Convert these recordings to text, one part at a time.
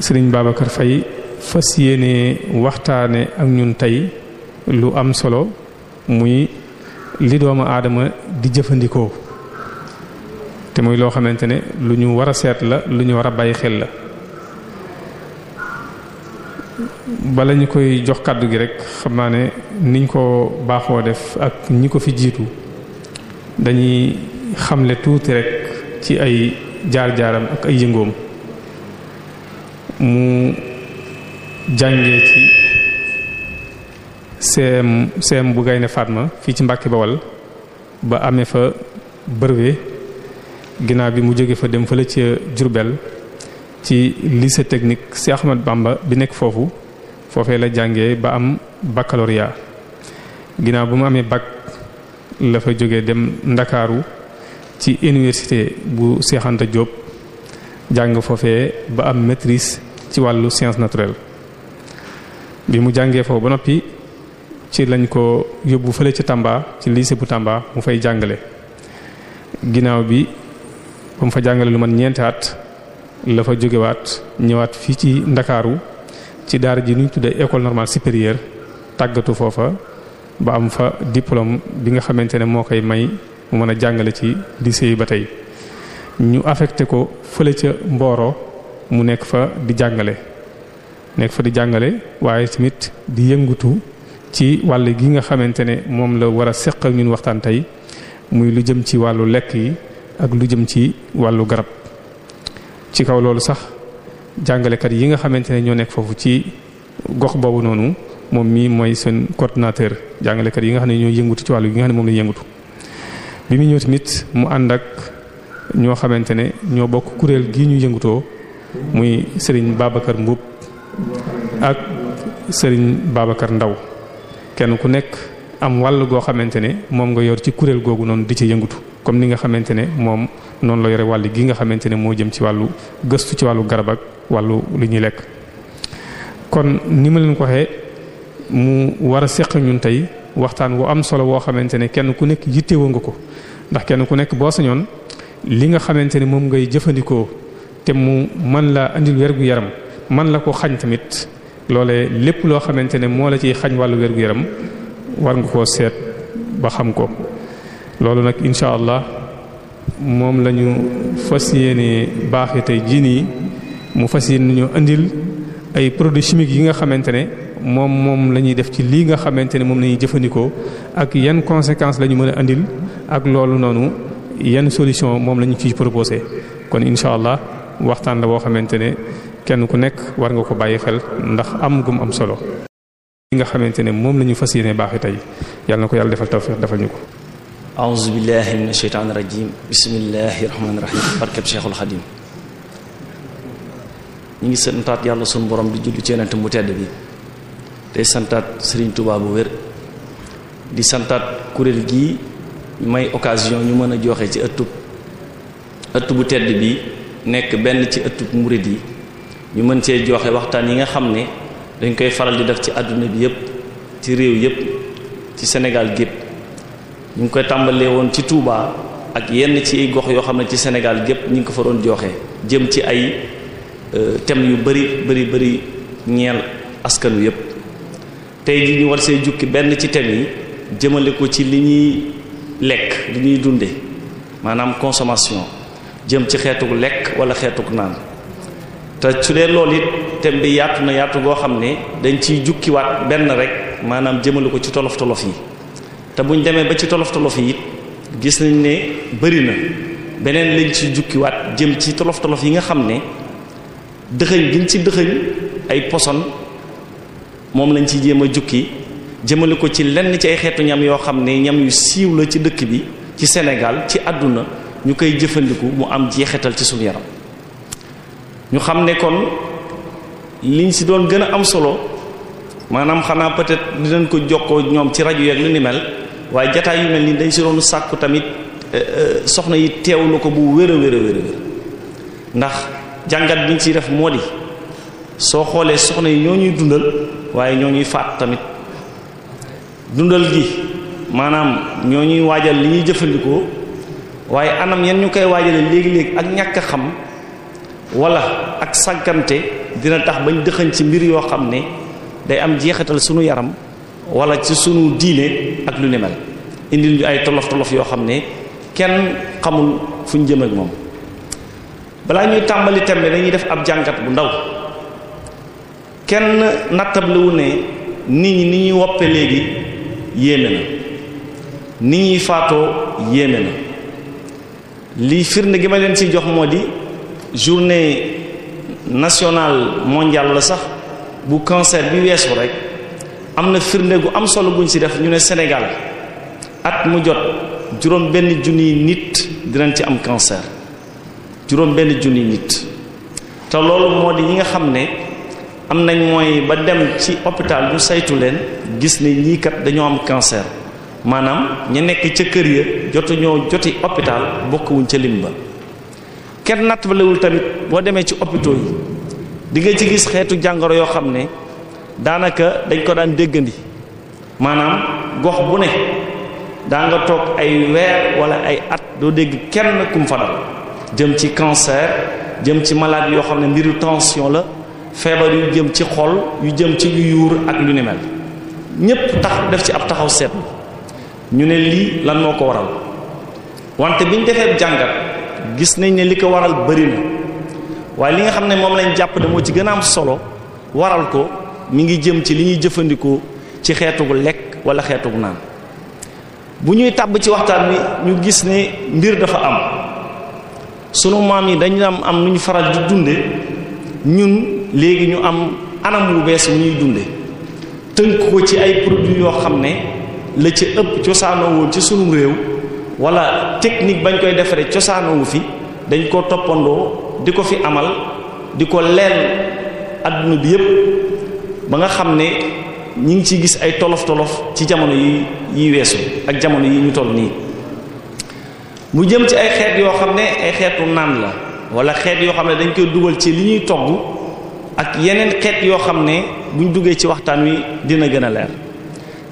sëriñ Babacar Faye fas yéene waxtaane ak ñun tey lu am solo muy li doomu aadama di jëfandikoo te muy loo xamante ne lu ñu war a seet la lu ñu war a bàyyi xel la bala ñu koy jox kàddu gi rek xam naa ne niñ ko baaxoo def ak ñi ko fi jiitu dañuy xamle tuuti rek ci ay jaar-jaaram ak ay yëngoom mu jàngee ci CM CM bu Gaynde Fatma fii ci Mbàkke Bawal ba amee fa brevet ginaaw bi mu jóge fa dem fële ci Diourbel ci lycée technique si Ahmad Bamba bi nekk foofu foofee la jàngee ba am baccalauréat ginaaw bu mu amee bac la fa jógee dem Ndakaaru ci université bu Cheikh Anta Diop jàng foofee ba am maîtrise ci wàllu science naturel bi mu jàngee foofu ba noppi ci lañ ko yóbbu fële ci Tamba ci lycée bu Tamba mu fay jàngale ginnaaw bi ba mu fa jàngale lu man ñeenti at la fa jógewaat ñëwaat fii ci Ndakaaru ci daar ji nuñ tuddee école normale supérieure tàggatu foofa ba am fa diplôme bi nga xamante ne moo koy may mu mën a jàngale ci lycée ba tey ñu affecté ko fële ca Mboro mu nekk fa di jàngale nekk fa di jàngale waaye tamit di yëngutu ci wàll gi nga xamante ne moom la war a seq ak ñun waxtaan tey muy lu jëm ci wàllu lekk yi ak lu jëm ci wàllu garab ci kaw loolu sax jàngalekat yi nga xamante ne ñoo nekk foofu ci gox boobu noonu moom mii mooy seen coordinateur jàngalekat yi nga xam ne ñoo yëngutu ci wàllu gi nga xam ne moom la yëngutu bi mu ñëw tamit mu ànd ak ñoo xamante ne ñoo bokk kuréel gi ñu yëngutoo muy sëriñ Babacar Mbuub ak sëriñ Babacar Ndaw kenn ku nekk am wàll goo xamante ne moom nga yor ci kuréel googu noonu di ci yëngatu comme ni nga xamante ne moom noonu la yore wàll gi nga xamante ne moo jëm ci wàllu gëstu ci wàllu garab ak wàllu lu ñuy lekk kon ni ma leen ko waxee mu war a seq ñun tey waxtaan wu am solo woo xamante ne kenn ku nekk yittewoo nga ko ndax kenn ku nekk boo sañoon li nga xamante ne moom ngay jëfandikoo te mu man la indil wergu yaram man la ko xañ tamit loole lépp loo xamante ne moo la ciy xañ wàllu wergu yaram war nga koo seet ba xam ko loolu nag incha allah moom la ñu fas yéene baaxe tey jii nii mu fas yéene ñu indil ay produits chimiques yi nga xamante ne moom moom la ñuy def ci lii nga xamante ne moom la ñuy jëfandikoo ak yan conséquences la ñu mën a indil ak loolu noonu yan solution moom la ñu ciy proposé kon incha waxtaan la boo xamante ne kenn ku nekk war nga ko bàyyi xel ndax am gum am solo li nga xamante ne moom la ñu fas baax baaxi tey yàlla ko yàlla defal tawfiq defal ñu ko a'udhu billahi minash shaitanir rajim bismillahir rahmanir rahim barkeb Cheikhul Khadim ñu ngi santaat yàlla sunu borom di julli ci yonent mu tedd bi tey santaat Serigne Touba bu wér di santaat kuréel gi may occasion ñu mën a joxe ci ëttub ëtt bu tedd bi nekk benn ci ëttub murid yi ñu mën cee joxe waxtaan yi nga xam ne dañ koy faral di def ci àdduna bi yépp ci réew yépp ci Sénégal gépp ñu ngi tàmbalee woon ci Touba ak yenn ci gox yoo xam ne ci Sénégal gépp ñu ngi ko fa doon joxe jëm ci ay euh, thèmes yu bari bari bari ñeel askanu yépp tey ji ñu war see jukki benn ci thèmes yi jëmale ko ci li ñuy lekk li ñuy dunde maanaam consommation jëm ci xeetuk lekk wala xeetuk naan te su dee loolu it thème bi yaatu na yaatu goo xam ne dañ ciy jukkiwaat benn rek maanaam jëmale ko ci tolof tolof yi te buñ demee ba ci tolof it gis nañ ne bëri na beneen lañ ciy jukkiwaat jëm ci tolof tolof yi nga xam ne dëxëñ giñ ci dëxëñ ay poson moom lañ ci jéem a jukki jëmale ko ci lenn ci ay xeetu ñam yoo xam ne ñam yu siiw la ci dëkk bi ci Sénégal ci àdduna ñu koy jëfandiku mu am jeexital ci suñu yaram ñu xam ne kon liñ si doon gën a am solo maanaam xanaa peut-être dinañ ko jokkoo ñoom ci rajo yeeg lu ni mel waaye jataay yu mel ni dañ si doon sàkku tamit eh, eh, soxna yi teewlu ko bu wér a ndax jàngat biñ ciy def moo soo xoolee soxna yi ñoo ñuy dundal waaye ñoo ñuy faat tamit dundal gi maanaam ñoo ñuy waajal li ñuy jëfandikoo. waaye anam yan ñu koy waajalee léegi-léegi ak ñàkk xam wala ak sàggante dina tax bañ dëxañ ci mbir yoo xam ne day am jeexital sunu yaram wala ci sunu diine ak lu ni mel indil ñu ay tolof tolof yoo xam ne kenn xamul fu ñu jëm ak moom balaa ñuy tàmbali thème bi dañuy def ab jàngat bu ndaw kenn nattabliwu ne nit ñi ni ñuy woppe léegi yéeme na ni ñuy faatoo yéeme na lii firnde gi ma leen ci jox moo di journée nationale mondiale la sax bu cancer bi weesu rek am na firnde gu am solo guñ ci def ñu ne Sénégal at mu jot juróom benn junniy nit dinañ ci am cancer juróom benn junniy nit te loolu moo di ñi nga xam ne am nañ mooy ba dem ci hôpital ñu saytu leen gis ne ñii kat dañoo am cancer maanaam ñu nekk ca kër ya jotu ñoo joti hôpital bokkuwuñ ca lim ba kenn nattabalewul tamit boo demee ci hôpitaux yi dinga ci gis xeetu jàngoro yoo xam ne daanaka dañ ko daan déggandi maanaam gox bu ne daa nga toog ay weer wala ay at doo dégg kenn kum fa jëm ci cancer jëm ci maladie yoo xam ne mbiru tension la feebar yu jëm ci xol yu jëm ci yu yuur ak lu ni ñépp tax def ci ab taxaw seet ñu ne lii lan moo ko waral wante bi ñu defee jàngat gis nañ ne li ko waral bari na waaye li nga xam ne moom lañ jàpp ne moo ci gën a am solo waral ko mi ngi jëm ci li ñuy jëfandikoo ci xeetug lekk wala xeetug naan bu ñuy tàbb ci waxtaan wi ñu gis ne mbir dafa am sunu maam yi dañu am am lu ñu faral di dunde ñun léegi ñu am anam wu bees wu ñuy dunde tënk ko ci ay produits yoo xam ne la ci ëpp cosaanoo ci sunu réew wala technique bañ koy defaree cosaanoowu fi dañ koo toppandoo di ko fi amal di ko leel adduna bi yépp ba nga xam ne ñi ngi ci gis ay tolof tolof ci jamono yi yi weesu ak jamono yi ñu toll nii bu jëm ci ay xeet yoo xam ne ay xeetu naan la wala xeet yoo xam ne dañ koy dugal ci li ñuy togg ak yeneen xeet yoo xam ne buñ duggee ci waxtaan wi dina gën a leer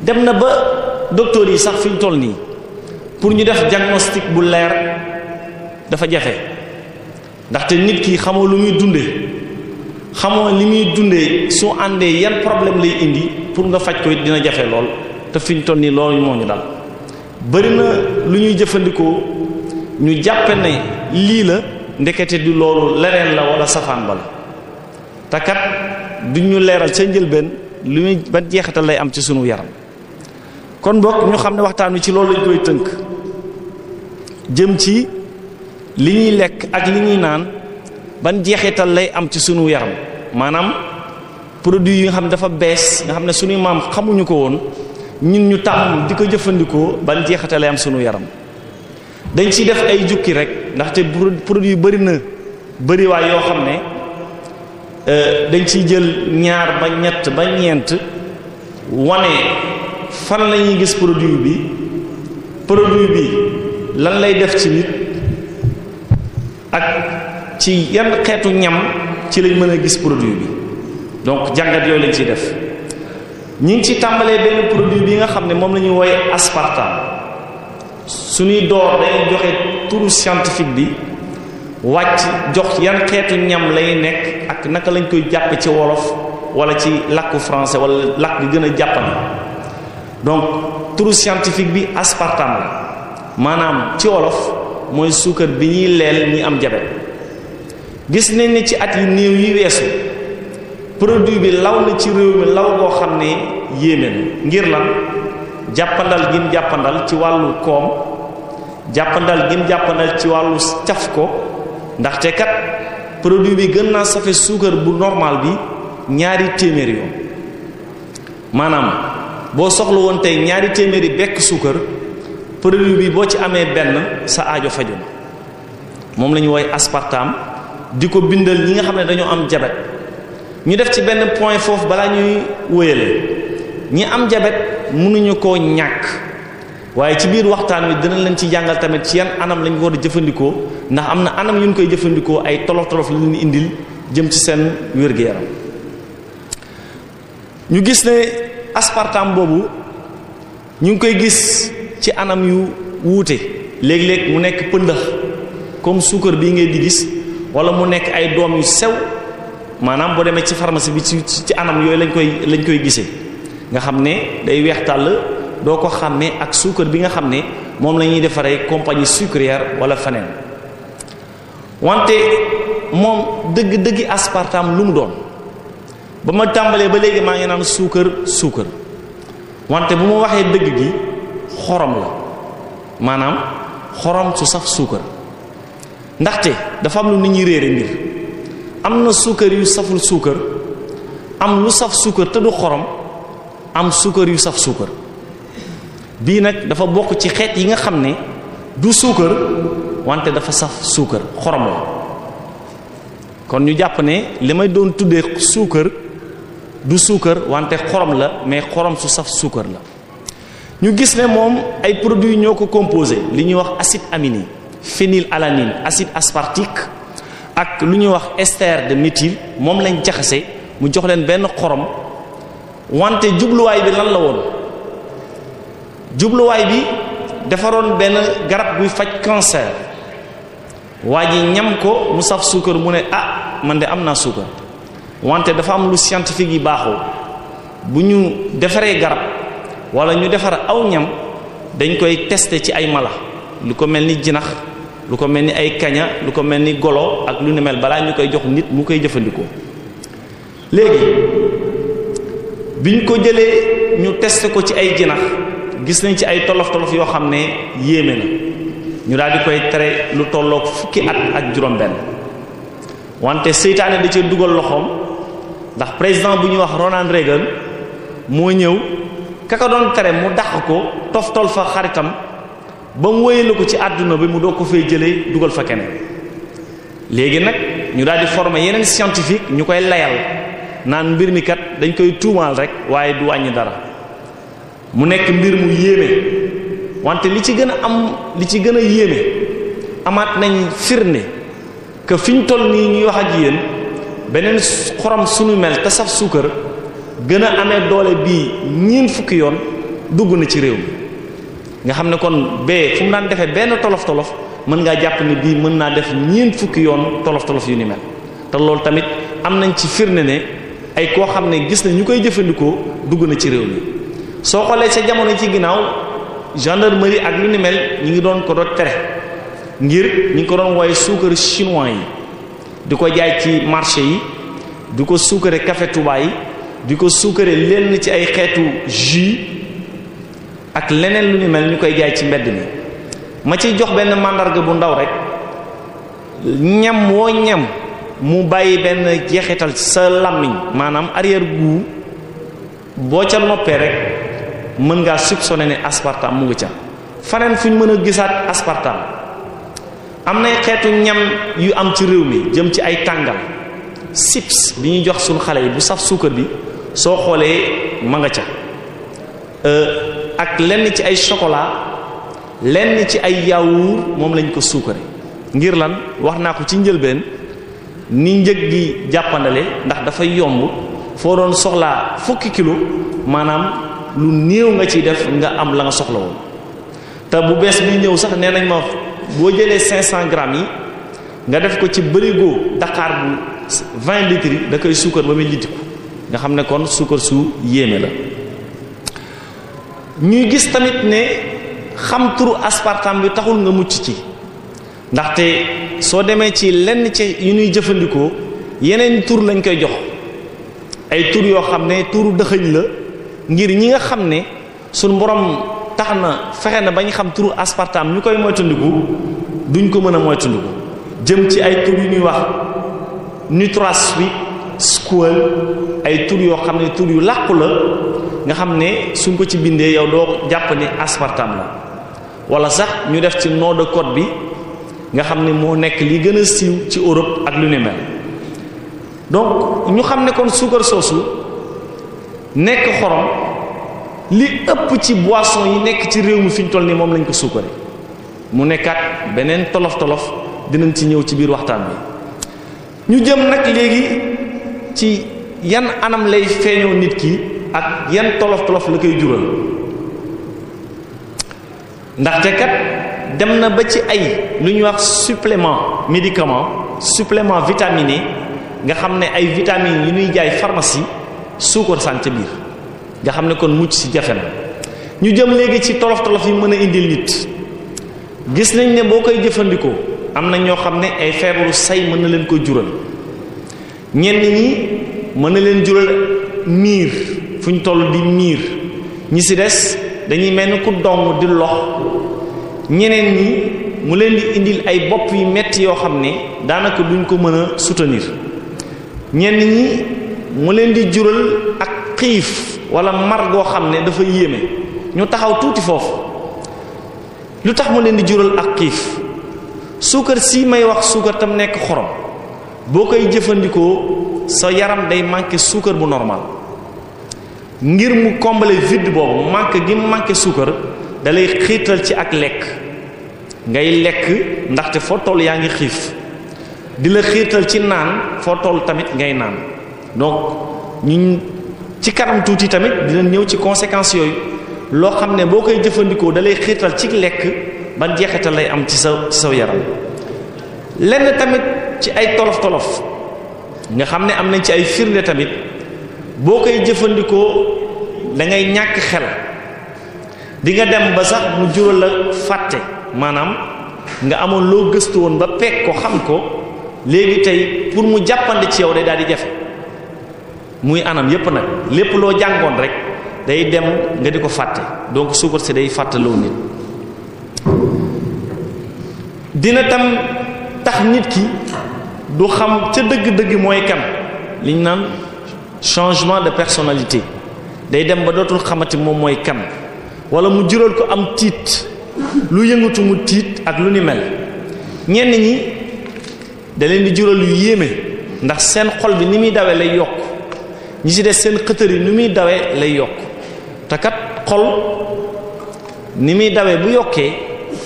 dem na ba docteur yi sax fi toll nii pour ñu def diagnostic bu leer dafa jafe ndaxte nit ki xamoo lu muy dunde xamoo ni muy dunde su àndee yan problème lay indi pour nga faj ko it dina jafe lool te fiñ toll nii loolu moo ñu dal bari na lu ñuy jëfandikoo ñu jàppe ne lii la ndekete di loolu leneen la wala safaan ba la te kat ñu leeral ca njëlbeen lu muy ban jeexital lay am ci sunu yaram kon bokk ñu xam ne waxtaan wi ci loolu lañ koy tënk jëm ci li ñuy lekk ak li ñuy naan ban jeexital lay am ci sunu yaram maanaam produit yi nga xam ne dafa bees nga xam ne sunuy maam xamuñu ko woon ñun ñu tàmm di ko jëfandikoo ban jeexital lay am sunu yaram dañ ci def ay jukki rek ndaxte produit yu bëri na bëriwaay yoo xam ne euh, dañ ciy jël ñaar ba ñett ba ñeent wane fan la ñuy gis produit bi produit bi lan lay def ci nit ak ci yan xeetu ñam ci lañ mën a gis produit bi donc jàngat yooyu lañ ciy def ñi ngi ci tàmbalee benn produit bi nga xam ne moom la ñuy wooye aspartame suñuy door day joxe turu scientifique bi wàcc jox yan xeetu ñam lay nekk ak naka lañ koy jàpp ci wolof walla ci làkku français wala làkk bi gën a jàppale donc turu scientifique bi aspartame maanaam ci wolof mooy suukar bi ñuy leel ñi am jabet gis nañ ni ci at yi néew yi weesu produit bi law na ci réew mi law boo xam ne yéeme na ngir lan jàppandal gin jàppandal ci wàllu koom jàppandal gin jàppandal ci wàllu caf ko ndaxte kat produit bi gën naa safe suukar bu normal bi ñaari téeméer yoon maanaam boo soxla woon tey ñaari téeméeri bekk suukar produit bi boo ci amee benn sa ajo faju moom la ñu woy aspartame di ko bindal ñi nga xam ne dañoo am jabet ñu def ci benn point foofu bala ñuy wéyalee ñi am jabet mënuñu koo ñàkk waaye ci biir waxtaan wi dina leen ci jàngal tamit ci yan anam lañ war a jëfandikoo ndax am na anam yu ñu koy jëfandikoo ay tolof tolof yu ñu indil jëm ci seen wér-gu-yaram ñu gis ne aspartame boobu ñu ngi koy gis ci anam yu wuute léeg-léeg mu nekk pëndax comme suukar bii ngeen di gis wala mu nekk ay doom yu sew maanaam boo demee ci pharmacie bi ci ci anam yooyu lañ koy lañ koy gisee nga xam ne day weex tàll doo ko xàmmee ak suukar bi nga xam ne moom la ñuy defaree compagnie sucrière wala feneen wante moom dëgg dëggi aspartame lu mu doon. ba ma tàmbalee ba léegi maa ngi naan suukar suukar wante bu ma waxee dëgg gi xorom la maanaam xorom su saf suukar ndaxte dafa am lu nit ñi réere mbir am na suukar yu saful suukar am lu saf suukar te du xorom am suukar yu saf suukar bii nag dafa bokk ci xeet yi nga xam ne du suukar wante dafa saf suukar xorom la kon ñu jàpp ne li may doon tuddee suukar du suukar wante xorom la mais xorom su saf suukar la ñu gis ne moom ay produits ñoo ko composé li ñuy wax acide aminé phénylalanine acide aspartique ak lu ñuy wax ester de méthyle moom lañ jaxase mu jox leen benn xorom wante jubluwaay bi lan la woon jubluwaay bi defaroon benn garab buy faj cancer waa ji ñam ko mu saf suukar mu ne ah man de am naa suukar wante dafa am lu scientifique yi baaxoo bu ñu defaree garab wala ñu defar aw ñam dañ koy tester ci ay mala lu ko mel ni jinax lu ko mel ni ay kaña lu ko mel ni golo ak lu ne mel balaa ñu koy jox nit mu koy jëfandikoo léegi biñ ko jëlee ñu tester ko ci ay jinax gis nañ ci ay tolof tolof yoo xam ne yéeme na ñu daal di koy tere lu tollook fukki at ak juróom benn wante seytaane da dugal loxoom ndax président bu ñuy wax Ronald Reagan moo ñëw kaka doon tere mu dàq ko toftal fa xaritam ba mu wéyale ko ci àdduna bi mu doo ko fay jëlee dugal fa keneen léegi nag ñu daal di former yeneen scientifique ñu koy layal naan mbir mi kat dañ koy tuumaal rek waaye du wàññi dara mu nekk mbir mu yéeme wante li ci gën a am li ci gën a yéeme amaat nañ firnde kë fi ñu toll nii ñuy wax ak yéen. beneen xorom suñu mel te saf suukar gën a amee doole bii ñiin fukki yoon dugg na ci réew mi nga xam ne kon bee fu mu daan defee benn tolof tolof mën ngaa jàpp ni bii mën naa def ñiin fukki yoon tolof tolof yu ni mel te loolu tamit am nañ ci firnde ne ay koo xam ne gis na ñu koy jëfandikoo dugg na ci réew mi soo xoolee sa jamono ci ginnaaw gendarmerie ak lu ni mel ñi ngi doon ko doon tere ngir ñi ngi ko doon wooye suukar chinois yi di ko jaay ci marché yi di ko suukare café Touba yi di ko suukaree lenn ci ay xeetu jus ak leneen lu ñu mel ñu koy jaay ci mbedd mi ma ciy jox benn màndarga bu ndaw rek ñam woo ñam mu bàyyi benn jeexital sa làmmiñ maanaam arrière goût boo ca noppee rek mën ngaa soupçonner ne aspartame mu ngi ca faneen fu ñu mën a gisaat aspartame am nay xeetu ñam yu am ci réew mi jëm ci ay tàngal sips bi ñu jox suñu xale yi bu saf suukar bi soo xoolee ma nga ca euh, ak lenn ci ay chocolat lenn ci ay yaourt moom lañ ko suukare ngir lan wax naa ko ci njëlbeen ni njëg gi jàppandale ndax dafa yomb foo doon soxlaa fukki kilo maanaam lu néew nga ciy def nga am la nga soxla woon te bu bees bi ñëw sax nee nañ ma boo jëlee 500 grammes yi nga def ko ci bërigo daqaar bu 20 litres da koy suukar ba muy litiku nga xam ne kon suukar su yéeme la ñuy gis tamit ne xam turu aspartame bi taxul nga mucc ci ndaxte soo demee ci lenn ci yu ñuy jëfandikoo yeneen tur lañ koy jox ay tur yoo xam ne turu dëxëñ la ngir ñi nga xam ne suñ borom tax na fexe na bañ xam turu aspartame ñu koy moytandiku duñ ko mën a moytandiku jëm ci ay tur yu ñuy wax nitrosuite squal ay tur yoo xam ne tur yu làqu la nga xam ne suñ ko ci bindee yow doo jàpp ne aspartame la wala sax ñu def ci nom de code bi nga xam ne moo nekk li gën a siiw ci Europe ak lu ne mel donc ñu xam ne kon suukar soosu nekk xorom li ëpp ci boisson yi nekk ci réew mi fi toll nii moom lañ ko suukaree mu nekkaat beneen tolof tolof dinañ ci ñëw ci biir waxtaan bi ñu jëm nag léegi ci yan anam lay feeñoo nit ki ak yan tolof tolof la koy jural ndaxte kat dem na ba ci ay lu ñuy wax supplément médicament supplément vitaminé nga xam ne ay vitamines yu ñuy jaay pharmacie suukar sànq biir. nga xam ne kon mucc ci jafe na ñu jëm léegi ci tolof tolof yi mën a indil nit gis nañ ne boo koy jëfandikoo am na ñoo xam ne ay feebaru say mën na leen ko jural ñenn ñi mën na leen jural miir fu toll di miir ñi si des dañuy mel ni ku dong di lox ñeneen ñi mu leen di indil ay bopp yu metti yoo xam ne daanaka duñ ko mën a soutenir ñenn ñi mu leen di jural ak xiif wala mar goo xam ne dafa yéeme ñu taxaw tuuti foofu lu tax mu leen di jural ak xiif suukar si may wax suukar tam nekk xorom boo koy jëfandikoo sa yaram day manqué suukar bu normal ngir mu combler vide boobu manqué gi manqué suukar da lay xiital ci ak lekk ngay lekk ndaxte foo toll yaa ngi xiif di la xiital ci naan foo toll tamit ngay naan donc ñu ci kanam tuuti tamit dina ñëw ci conséquences yooyu loo xam ne boo koy jëfandikoo dalay xiirtal ci lekk ban jeexital lay am ci sa ci saw yaram lenn tamit ci ay tolof tolof nga xam ne am nañ ci ay firnde tamit boo koy jëfandikoo da ngay ñàkk xel di nga dem ba sax mu jural la fàtte maanaam nga amoon loo gëstu woon ba peeg ko xam ko léegi tey pour mu jàppandi ci yow day daal di jafe muy anam yépp nag lépp loo jàngoon rek day dem nga di ko fàtte donc suukar si day fàttaloo nit dina tam tax nit ki du xam ca dëgg-dëgg mooy kan liñ naan changement de personnalité day dem ba dootul xamati moom mooy kan wala mu jural ko am tiit lu yëngatu mu tiit ak lu ni mel ñenn ñi da leen di jural yu yéeme ndax seen xol bi ni muy dawee lay yokk ñi ci des seen xëtër yi nu muy dawee lay yokk te kat xol ni muy dawee bu yokkee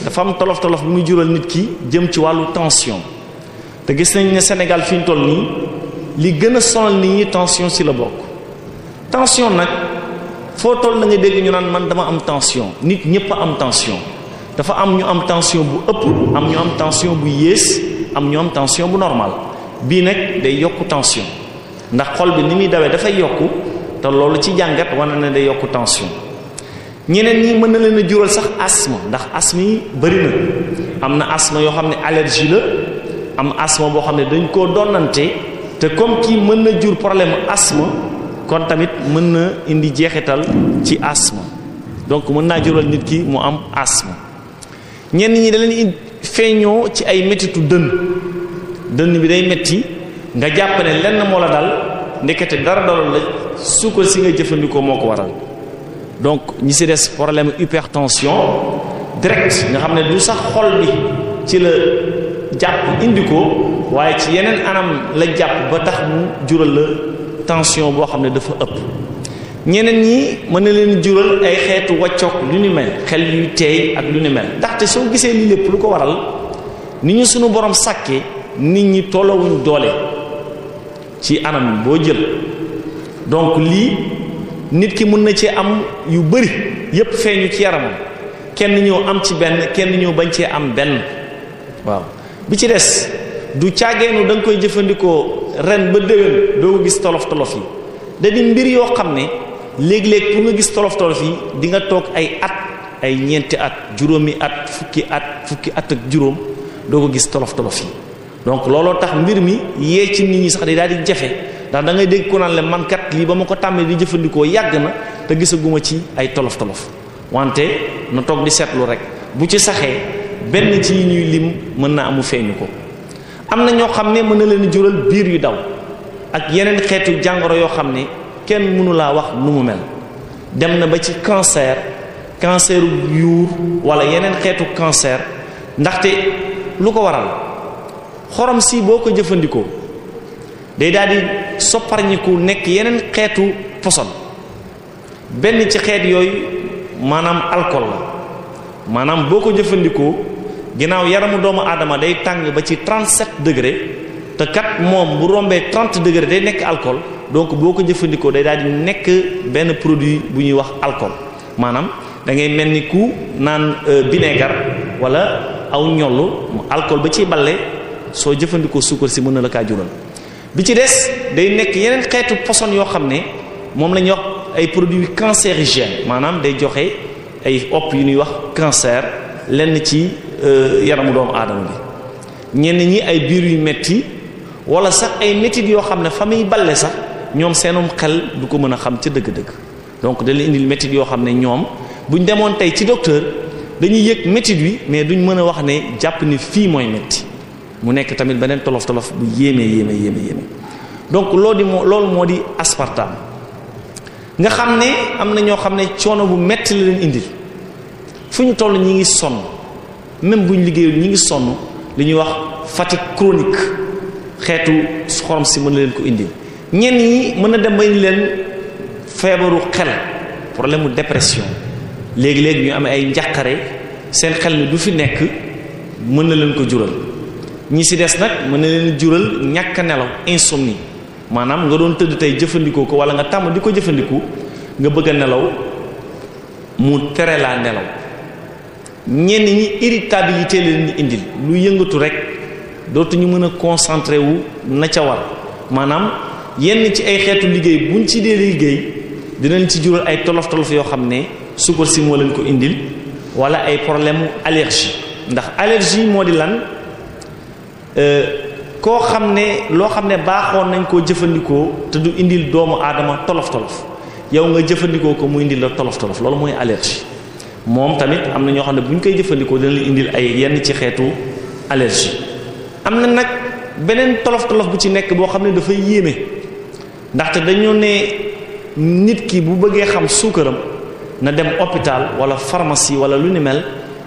dafa am tolof tolof bu muy jural nit ki jëm ci wàllu tension te gis nañ ne Sénégal fi ñu toll nii li gën a sonal nit ñi tension ci la bokk tension nag foo toll na ñu naan man dama am tension nit ñépp a am tension dafa am ñu am tension bu ëpp am ñu am tension bu yées am ñu am tension bu normal bii nag day yokku tension ndax xol bi ni muy dawee dafay yokku te loolu ci jàngat war na day yokku tension ñeneen ñi mën na leen a jural sax asthme ndax asthme yi bëri na am na asthme yoo xam ne allergie la am asthme boo xam ne dañ koo donnante te comme kii mën na jur problème asthme kon tamit mën na indi jeexital ci asthme donc mën naa jural nit ki mu am asthme ñenn ñi da leen feeñoo ci ay mettitu dënn dënn bi day metti nga jàpp ne lenn moo la dal ndekete dara dalul la su ko si nga jëfandikoo moo ko waral donc ñi si des problème hypertension direct nga xam ne du sax xol bi ci la jàpp indi ko waaye ci yeneen anam la jàpp ba tax mu jural la tension boo xam ne dafa ëpp ñeneen ñi mën na leen jural ay xeetu waccoog lu ni mel xel yuy teey ak lu ni mel ndaxte soo gisee lii lépp lu ko waral ni ñu sunu borom sàkke nit ñi tolloowuñ doole ci anam boo jël donc lii nit ki mën na cee am yu bari yépp feeñu ci yaramam kenn ñëw am ci benn kenn ñëw bañ cee am benn waaw bi ci des du càggeenu da koy jëfandikoo ren ba déwén doo gis tolof tolof yi da mbir yoo xam ne léeg-léeg pour nga gis tolof tolof yi di toog ay at ay ñeenti at juróomi at fukki at fukki at ak juróom doo ko gis tolof tolof yi donc looloo tax mbir mi yee ci nit ñi sax day daal di jafe ndax da ngay dégg ko naan le man lii ba ma ko tàmmee di jëfandikoo yàgg na te gisaguma ci ay tolof tolof wante na toog di seetlu rek bu ci saxee benn ci ñuy lim mën na amu feeñu ko am na ñoo xam ne mën na leen jural biir yu daw ak yeneen xeetu jàngoro yoo xam ne kenn mënu laa wax nu mu mel dem na ba ci cancer cancer yuur wala yeneen xeetu cancer ndaxte lu ko waral. xorom si boo ko jëfandikoo day daal di sopparñiku nekk yeneen xeetu poson benn ci xeet yooyu maanaam alcool la maanaam boo ko jëfandikoo ginnaaw yaramu doomu aadama day tàng ba ci 37 degré te kat moom bu rombee 30 degré day nekk alcool donc boo ko jëfandikoo day daal di nekk benn produit bu ñuy wax alcool maanaam da ngay mel ni ku naan euh, vinaigre wala aw ñollu alcool ba ciy balle soo jëfandikoo suukar si mën na la kaa jural bi ci des day nekk yeneen xeetu poson yoo xam ne moom la ñuy wax ay produits cancérigènes maanaam day joxe ay opp yu ñuy wax cancer lenn ci euh, yaramu doomu aadama bi ñenn ñi ay biir yu metti wala sax ay métit yoo xam ne fa muy balle sax ñoom seenum xel du ko mën a xam ca dëgg-dëgg donc da leen indil métit yoo xam ne ñoom buñ demoon tey ci docteur dañuy yëg métit wi mais duñ mën a wax ne jàpp ni fii mooy métti mu nekk tamit beneen tolof tolof bu yéeme yéeme yéeme yéeme donc loolu di moo loolu moo di aspartame nga xam ne am na ñoo xam ne coono bu metti la leen indil fu ñu toll ñu ngi sonn même bu ñu liggéeyul ñi ngi sonn li ñuy wax fatigue chronique xeetu xorom si mën na leen ko indil ñenn ñi mën na dem ba indi leen feebaru xel problème mu dépression léegi-léegi ñu amee ay njàqare seen xel mi du fi nekk mën na leen ko jural ñi si des nag mën ne leen jural ñàkk a nelaw insomnie maanaam nga doon tëdd tey jëfandikoo ko wala nga tàmm di ko jëfandiku nga bëgg nelaw mu tere laa nelaw ñenn ñi yi irritabilité leen indil lu yëngatu rek dootuñu mën a concentré wu na ca war maanaam yenn ci ay xeetu liggéey buñ ci dee liggéey dinañ ci jural ay tolof tolof yoo xam ne sukar si moo leen ko indil wala ay problème allergie ndax allergie moo di lan. Euh, koo xam ne loo xam ne baaxoon nañ koo jëfandikoo te du indil doomu aadama tolof tolof yow nga jëfandikoo ko mu indi la tolof tolof loolu mooy allergie moom tamit am na ñoo xam ne bu ñu koy jëfandikoo dina la indil ay yenn ci xeetu allergie am na nag beneen tolof tolof bu ci nekk boo xam ne dafay yéeme ndaxte dañoo ne nit ki bu bëggee xam suukaram na dem hôpital wala pharmacie wala lu ni mel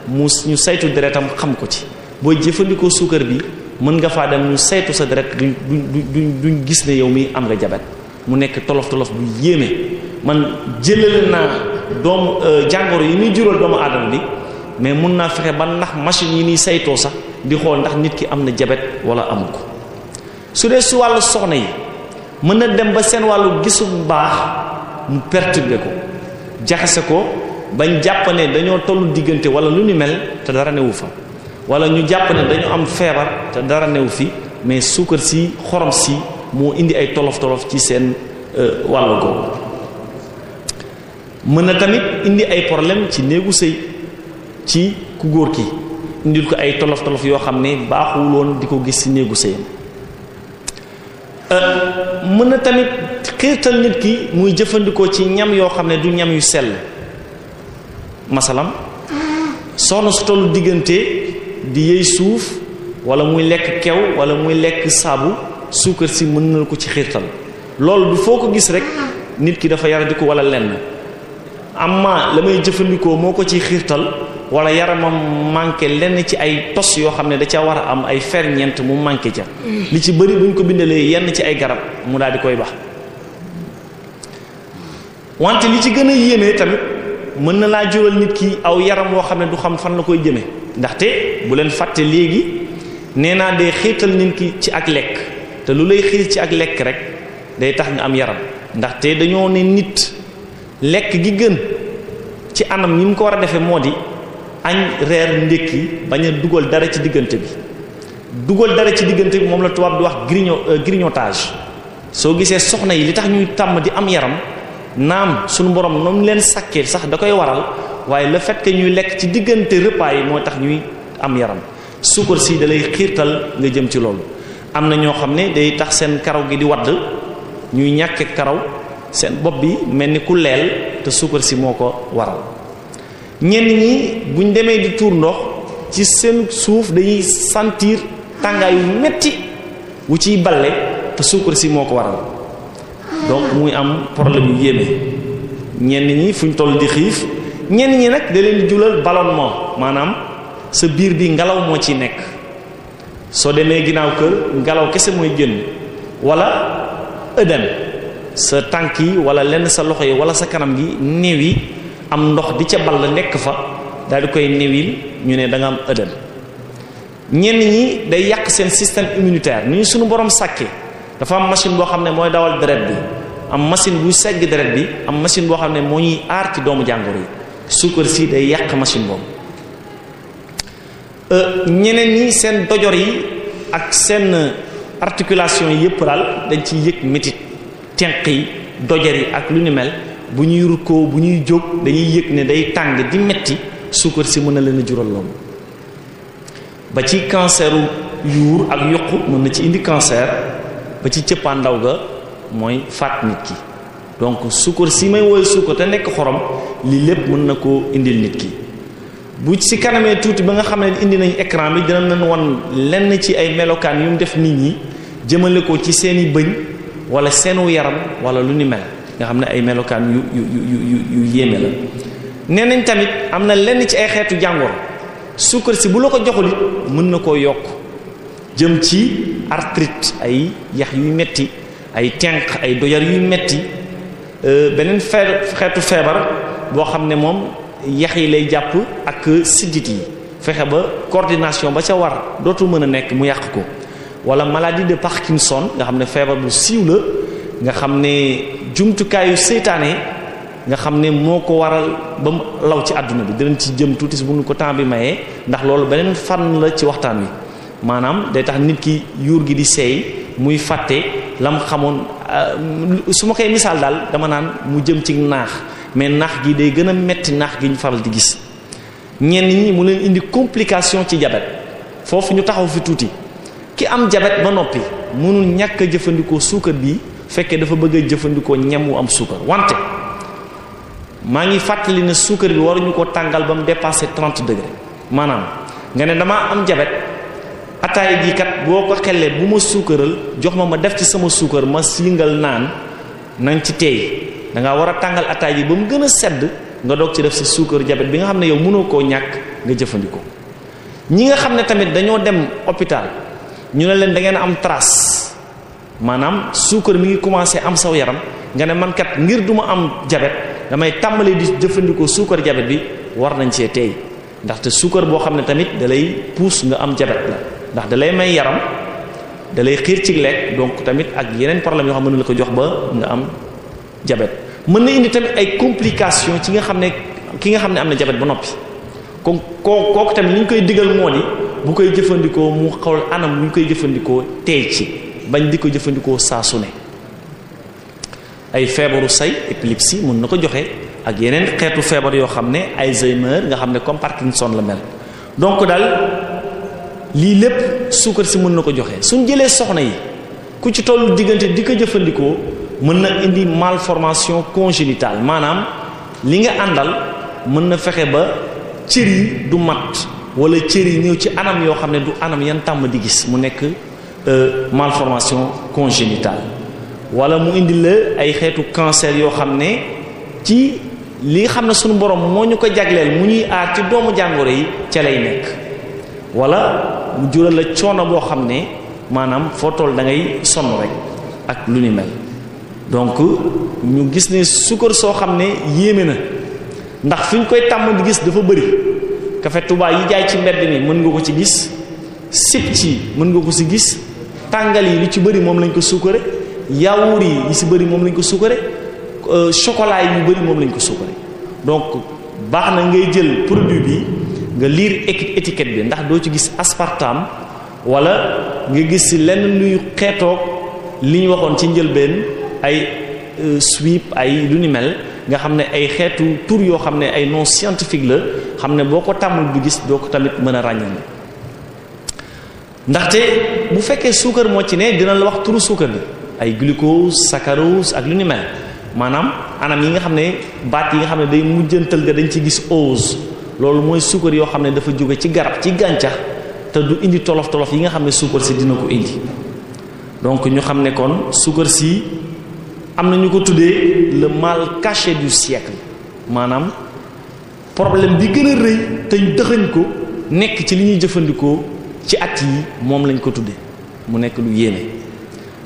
mu ñu saytu deretam xam ko ci booy jëfandikoo suukar bi. mën nga faa dem ñu saytu sa deret duñ duñ duñ gis ne yow mii am nga jabet mu nekk tolof tolof bu yéeme man jëlale naa doomu euh, jàngoro yi muy jural doomu aadama bi mais mun naa fexe ba ndax machine yi nii saytoo sax di xool ndax nit ki am na jabet wala amu ko su dee si wàllu soxna yi mën na dem ba seen wàllu gisu baax mu perturbé ko jaxase ko bañ jàpp dañoo tollu diggante wala lu ni mel te dara newu fa. wala ñu jàpp ne dañu am feebar te dara new fi mais suukar si xorom si moo indi ay tolof tolof ci seen euh, wàll googu mën na tamit indi ay problème ci néegu sëy ci ku góor ki indil ko ay tolof tolof yoo xam ne baaxul woon di ko gis ci néegu sëyam euh, mën na tamit xiirtal nit ki muy jëfandikoo ci ñam yoo xam ne du ñam yu sell masalam soxna su tollu diggante di yëy suuf wala muy lekk kew wala muy lekk saabu suukar si mën na ko ci xiirtal loolu du foo ko gis rek nit ki dafa yaradiku wala lenn amma la may jëfandikoo moo ko ci xiirtal wala yaramam manqué lenn ci ay tos yoo xam ne da ca war a am ay ferñeent mu manqué ca mm. li ci bëri buñ ko bindalee yenn ci ay garab mu daal di koy bax wante li ci gën a yéeme tamit mën na laa jural nit ki aw yaram woo xam ne du xam fan la koy jëme ndaxte bu leen fàtte léegi nee naa dee xiital nit ki ci ak lekk te lu lay xiir ci ak lekk rek day tax nga am yaram ndaxte dañoo ne nit lekk gi gën ci anam ñi mu ko war a defee moo di añ reer ndékki bañ a dugal dara ci diggante bi dugal dara ci diggante bi moom la tubaab di wax grigno euh, grignotage soo gisee soxna yi li tax ñuy tàmm di am yaram naam suñu borom noonu leen sakkee sax da koy waral waaye la fait que ñuy lekk ci diggante repas yi moo tax ñuy am yaram suukar si dalay xiirtal nga jëm ci loolu am na ñoo xam ne day tax seen karaw gi di wadd ñuy ñàkke karaw seen bopp bi mel ni ku leel te suukar si moo ko waral ñenn ñi buñ demee di tuur ndox ci seen suuf dañuy sentir tàngaay yu metti wu ciy balle te suukar si moo ko waral donc muy am problème yu yéeme ñenn ñi fuñ toll di xiif ñenn ñi nag da leen julal ballonnement maanaam sa biir bi ngelaw moo ci nekk soo demee ginnaaw kër ngelaw kese mooy génn wala ëdem sa tànk yi wala lenn sa loxo yi wala sa kanam gi néew yi am ndox di ca ball nekk fa daal di koy néewil ñu ne danga am ëdem ñenn ñi day yàq seen système immunitaire ni ñu sunu borom sàkke dafa am machine boo xam ne mooy dawal deret bi am machine buy segg deret bi am machine boo xam ne moo ñuy aar ci doomu jàngoro yi suukar si day yàq machine boobu euh, ñeneen ñi seen dojor yi ak seen articulation yëpp daal dañ ci yëg métit tenq yi dojor yi ak lu ni mel bu ñuy rukkoo bu ñuy jóg dañuy yëg ne day tàng di metti suukar si mën na leen a jural loolu ba ci canceru yuur ak yokku mën na ci indi cancer ba ci cëppaandaw ga mooy faat nit ki donc sukkar si may woy sukkar te nekk xorom lii lépp mën na koo indil nit ki bu ci kanamee tuuti ba nga xam ne indi nañ écran bi dina leen wan lenn ci ay melokaan yu def nit ñi jëmale ko ci seeni bëñ wala seenu yaram wala lu ni mel nga xam ne ay melokaan yu yu yu yéeme la nee nañ tamit am na lenn ci ay xeetu jàngoor sukkar si bu la ko joxul it mën na koo yokk jëm ci arthrite ay yax yuy metti ay tenq ay doyar yuy metti Euh, beneen feer xeetu feebar boo xam ne moom yax yi lay jàpp ak siddit yi fexe ba coordination ba ca war dootul mën a nekk mu yàq ko wala maladie de Parkinson nga xam ne feebar bu siiw la nga xam ne jumtukaayu seytaane nga xam ne moo ko waral ba law ci àdduna bi dinañ ci jëm tuuti si bu nu ko temps bi mayee ndax loolu beneen fànn la ci waxtaan wi maanaam day tax nit ki yuur gi di seey muy fàtte lam xamoon Euh, su ma koy misaal daal dama naan mu jëm ci naax mais naax gi day gën a metti naax gi ñu faral di gis ñenn ñi mu leen indi complication ci jabet foofu ñu taxaw fi tuuti ki am jabet ba noppi mënul ñàkk a jëfandikoo suukar bi fekkee dafa bëgg a jëfandikoo ñam wu am suukar wante maa ngi fàttali ne suukar bi war waruñu ko tàngal ba mu dépasser 30 degrés maanaam nga ne damaa am jabet ataay ji kat boo ko xellee bu ma suukaral jox ma ma def ci sama suukar ma yëngal naan nañ ci teey da nga war a tàngal ataay ji ba mu gën a sedd nga doog ci def sa suukar jabet bi nga xam ne yow mënoo koo ñàkk nga jëfandikoo ñi nga xam ne tamit dañoo dem hôpital ñu ne leen da ngeen am trace maanaam suukar mi ngi commencé am saw yaram nga ne man ngir duma am jabet damay tàmbali di jëfandikoo suukar jabet bi war nañ cee teey ndaxte suukar boo xam ne tamit da lay puus nga am jabet ndax da lay may yaram da lay xiir ci lekk donc tamit ak yeneen problème yoo xam mën na la ko jox ba nga am jabet mën na indi tamit ay complication ci nga xam ne ki nga xam ne am na jabet ba noppi kon koo kooku tamit li ñu koy digal moo di bu koy jëfandikoo mu xawal anam bu ñu koy jëfandikoo tey ci bañ di ko jëfandikoo saa su ne ay feebaru say épilepsie mën na ko joxe ak yeneen xeetu feebar yoo xam ne ay Alzheimer nga xam ne comme Parkinson la mel lii lépp suukar si mën na ko joxe suñ jëlee soxna yi ku ci tollu diggante di ko jëfandikoo mën na indi malformation congénitale maanaam li nga àndal mën na fexe ba cër yi du mat wala cër yi ñëw ci anam yoo xam ne du anam yan tàmm di gis mu nekk euh, malformation congénitale wala mu indi la ay xeetu cancer yoo xam ne ci li xam ne sunu borom moo ñu ko jagleel mu ñuy aar ci doomu jàngoro yi ca lay nekk wala mu jural la coono boo xam ne maanaam foo toll da ngay sonn rek ak lu ni mel donc ñu gis ne suukar soo xam ne yéeme na ndax fi ñu koy tàmm di gis dafa bëri kafe tubaab yi jaay ci mbedd mi mën nga ko ci gis sib ci mën nga ko ci gis tàngal yi lu ci bëri moom lañ ko suukare yaawur yi si ci bëri moom lañ ko suukare euh, chocolat yi yu bëri moom lañ ko sukkare donc baax na ngay jël produit bi nga liir étiquette bi ndax doo ci gis aspartam wala nga gis ci lenn luy xeetoog li waxoon ci njëlbeen ay euh, suip ay lu nga xam ne ay xeetu tur yoo xam ne ay non scientifique la xam ne boo ko tàmmul du gis doo ko tamit mën a ràññee ndaxte bu fekkee suukar moo ci ne dina la wax turu suukar bi ay glucose saccharose ak lu maanaam anam yi nga xam ne baat yi nga xam ne day mujjantal ga dañ ci gis ose loolu mooy suukar yoo xam ne dafa jóge ci garab ci gàncax te du indi tolof tolof yi nga xam ne suukar si dina ko indi donc ñu xam ne kon suukar si am na ñu ko tuddee le mal caché du siècle maanaam problème bi gën a rëy te ñu dëxañ ko nekk ci li ñuy jëfandikoo ci at yi moom lañ ko tuddee mu nekk lu yéene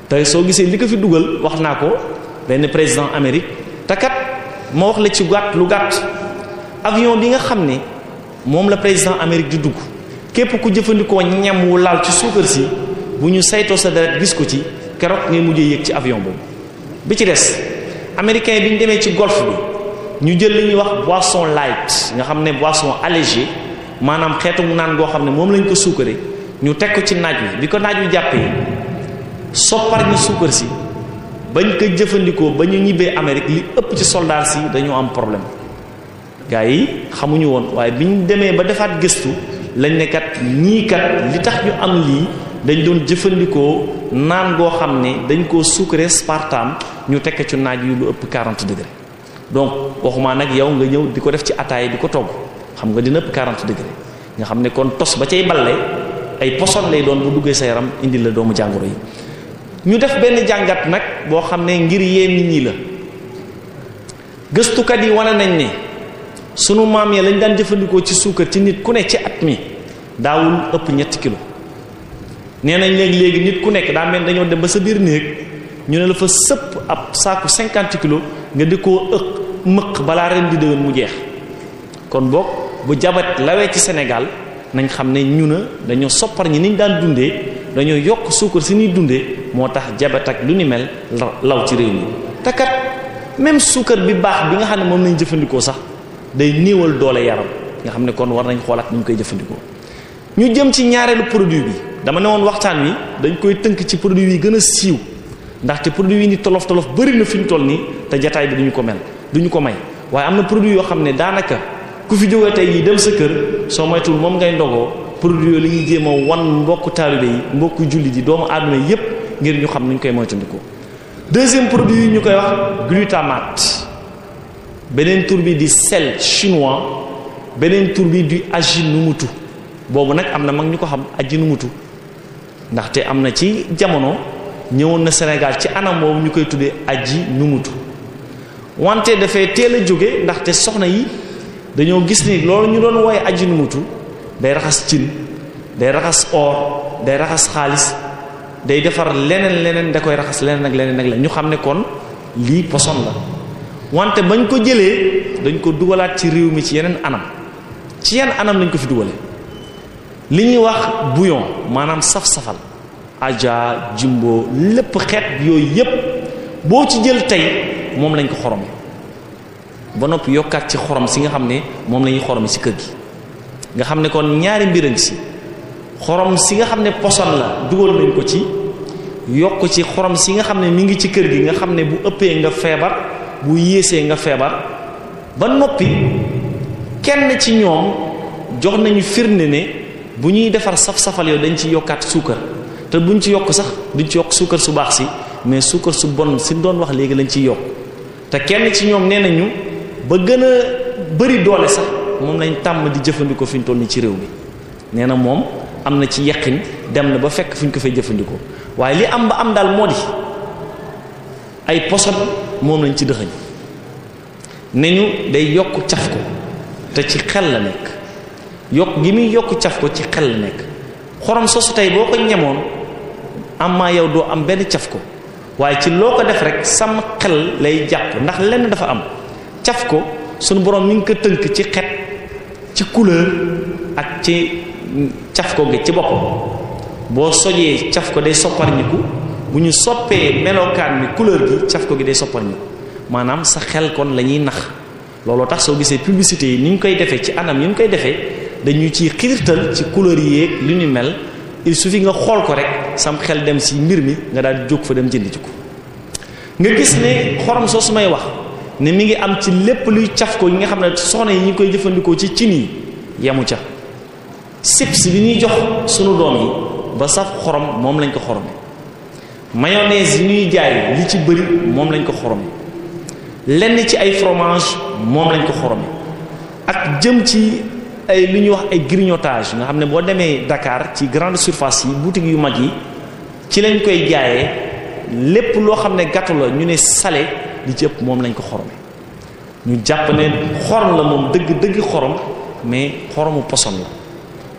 te soo gisee li ko fi dugal wax naa ko benn président Amérique te kat ma wax la ci gàtt lu gàtt. avion bi nga xam ne moom la président Amérique di dugg képp ku jëfandikoo ñam wu laal ci suukar si bu ñu saytoo sa deret gis ko ci keroog ngay mujjee yéeg ci avion boobu bi ci des américain bi ñu demee ci golfe bi ñu jël li ñuy wax boisson light nga xam ne boisson allégée maanaam xeetu mu naan goo xam ne moom lañ ko suukaree ñu teg ko ci naaj wi bi ko naaj wi jàppee soppar ñu suukar si bañ ko jëfandikoo ba ñu ñibbee Amérique li ëpp ci soldat si dañoo am problème gaa yi xamuñu woon waaye bi ñu demee ba defaat gëstu lañ ne kat ñii kat li tax ñu am lii dañ doon jëfandikoo naan goo xam ne dañ ko sucré spartam ñu tekk ci naaj yu lu ëpp 40 degré donc waxumaa nag yow nga ñëw di ko def ci ataay bi ko togg xam nga dina ëpp 40 degré nga xam ne kon tos ba cay balle ay poson lay doon bu duggee sa yaram indi la doomu jàngoro yi ñu def benn jàngat nag boo xam ne ngir yéen nit ñi la gëstukat yi wane sunu maam yi lañ daan jëfandikoo ci suukar ci nit ku ne ci at mi daawul ëpp ñetti kilo nee nañ léegi léegi nit ku nekk daa mel dañoo dem ba sa biir néeg ñu ne la fa sëpp ab saaku cinquante kilo nga di koo ëq mëq balaa ren di déwén mu jeex kon bokk bu jabat lawee ci Sénégal nañ xam ne ñu na dañoo soppar ñi niñ daan dundee dañoo yokk suukar si ñuy dundee moo tax jabat ak lu ni mel law ci réew mi te suukar bi baax bi nga xam ne moom lañ jëfandikoo sax day néewal doole yaram nga xam ne kon war nañ xoolaat ñu koy jëfandikoo ñu jëm ci ñaareelu produit bi dama ne woon waxtaan wi dañ koy tënk ci produit yi gën a siiw ndaxte produit yi ni tolof tolof bëri na fi ñu toll nii te jataay bi duñu ko mel duñu ko may waaye am na produit yoo xam ne daanaka ku fi jógee tey yi dem sa kër soo moytuwul moom ngay ndogoo produit yooyu la ñuy jéem wan mbokk taalibe yi mbokku jullit yi doomu aadama yépp ngir ñu xam nuñ koy moytandikoo deuxième produit yi ñu koy wax glutamate beneen tur bi di sel chinois beneen tur bi di ajinomoto boobu nag am na mag ñu ko xam ajinomoto ndaxte am na ci jamono ñëwoon na Sénégal ci anam boobu ñu koy tuddee ajinomoto wante dafay teel a jóge ndaxte soxna yi dañoo gis ni loolu ñu doon wooye ajinomoto day raxas cin day raxas or day raxas xaalis day defar leneen leneen da koy raxas leneen ak leneen ak la ñu xam ne kon lii poson la wante bañ ko jëlee dañ ko dugalaat ci réew mi ci yeneen anam ci yenn anam lañ ko fi dugalee li ñuy wax bouillon maanaam saf-safal aja jumbo lépp xeet yooyu yépp boo ci jël tey moom lañ ko xorome ba noppi yokkaat ci xorom si nga xam ne moom lañuy xorome si kër gi nga xam ne kon ñaari mbir si xorom si nga xam ne poson la dugal nañ ko ci yokk ci xorom si nga xam ne mi ngi ci kër gi nga xam ne bu ëppee nga feebar bu yéesee nga feebar ba noppi kenn ci ñoom jox nañu firnde ne bu ñuy defar saf-safal yow dañ ci yokkaat suukar te buñ ci yokk sax duñ ci yokk suukar su baax si mais suukar su bon si doon wax léegi lañ ciy yokk te kenn ci ñoom nee nañu ba gën a bari doole sax moom lañ tàmm di jëfandikoo fi ñu toll nii ci réew mi nee na moom am na ci yaqin dem na ba fekk fu ñu ko fay jëfandikoo waaye li am ba am daal moo di ay poson moom lañ ci dëxëñ ne ñu day yokk caf ko te ci xel la nekk yokk gi muy yokk caf ko ci xel la nekk xorom sosu tey boo ko ñemoon amaa yow doo am benn caf ko waaye ci loo ko def rek sam xel lay jàpp ndax lenn dafa am caf ko sunu borom mi ngi ko tënk ci xet ci couleur ak ci caf ko gi ci boppam boo sojee caf ko day sopparñiku bu ñu soppee melokaan bi couleur gi caf ko gi day soppal ñu maanaam sa xel kon la ñuy nax looloo tax soo gisee publicité yi ni ñu koy defe ci anam yi ñu koy defee dañu ci xiirtal ci couleur yéeg li ñu mel il suffit nga xool ko rek sam xel dem si mbir mi nga daal di jóg fa dem jënd ci ko nga gis ne xorom soo su may wax ne mi ngi am ci lépp luy caf ko yi nga xam ne soxna yi ñu koy jëfandikoo ci cin yi yemu ca sips bi ñuy jox sunu doom yi ba saf xorom moom lañ ko xorome mayonnaise yi ñuy jaay li ci bëri moom lañ ko xorome lenn ci ay fromage moom lañ ko xorome ak jëm ci ay lu ñuy wax ay grignotage nga xam ne boo demee dakaar ci grande surface yi boutique yu mag yi ci lañ koy jaaye lépp loo xam ne gâteau la ñu ne sale li ci ëpp moom lañ ko xorome ñu jàpp ne xorom la moom dëgg dëgg xorom mais xoromu poson la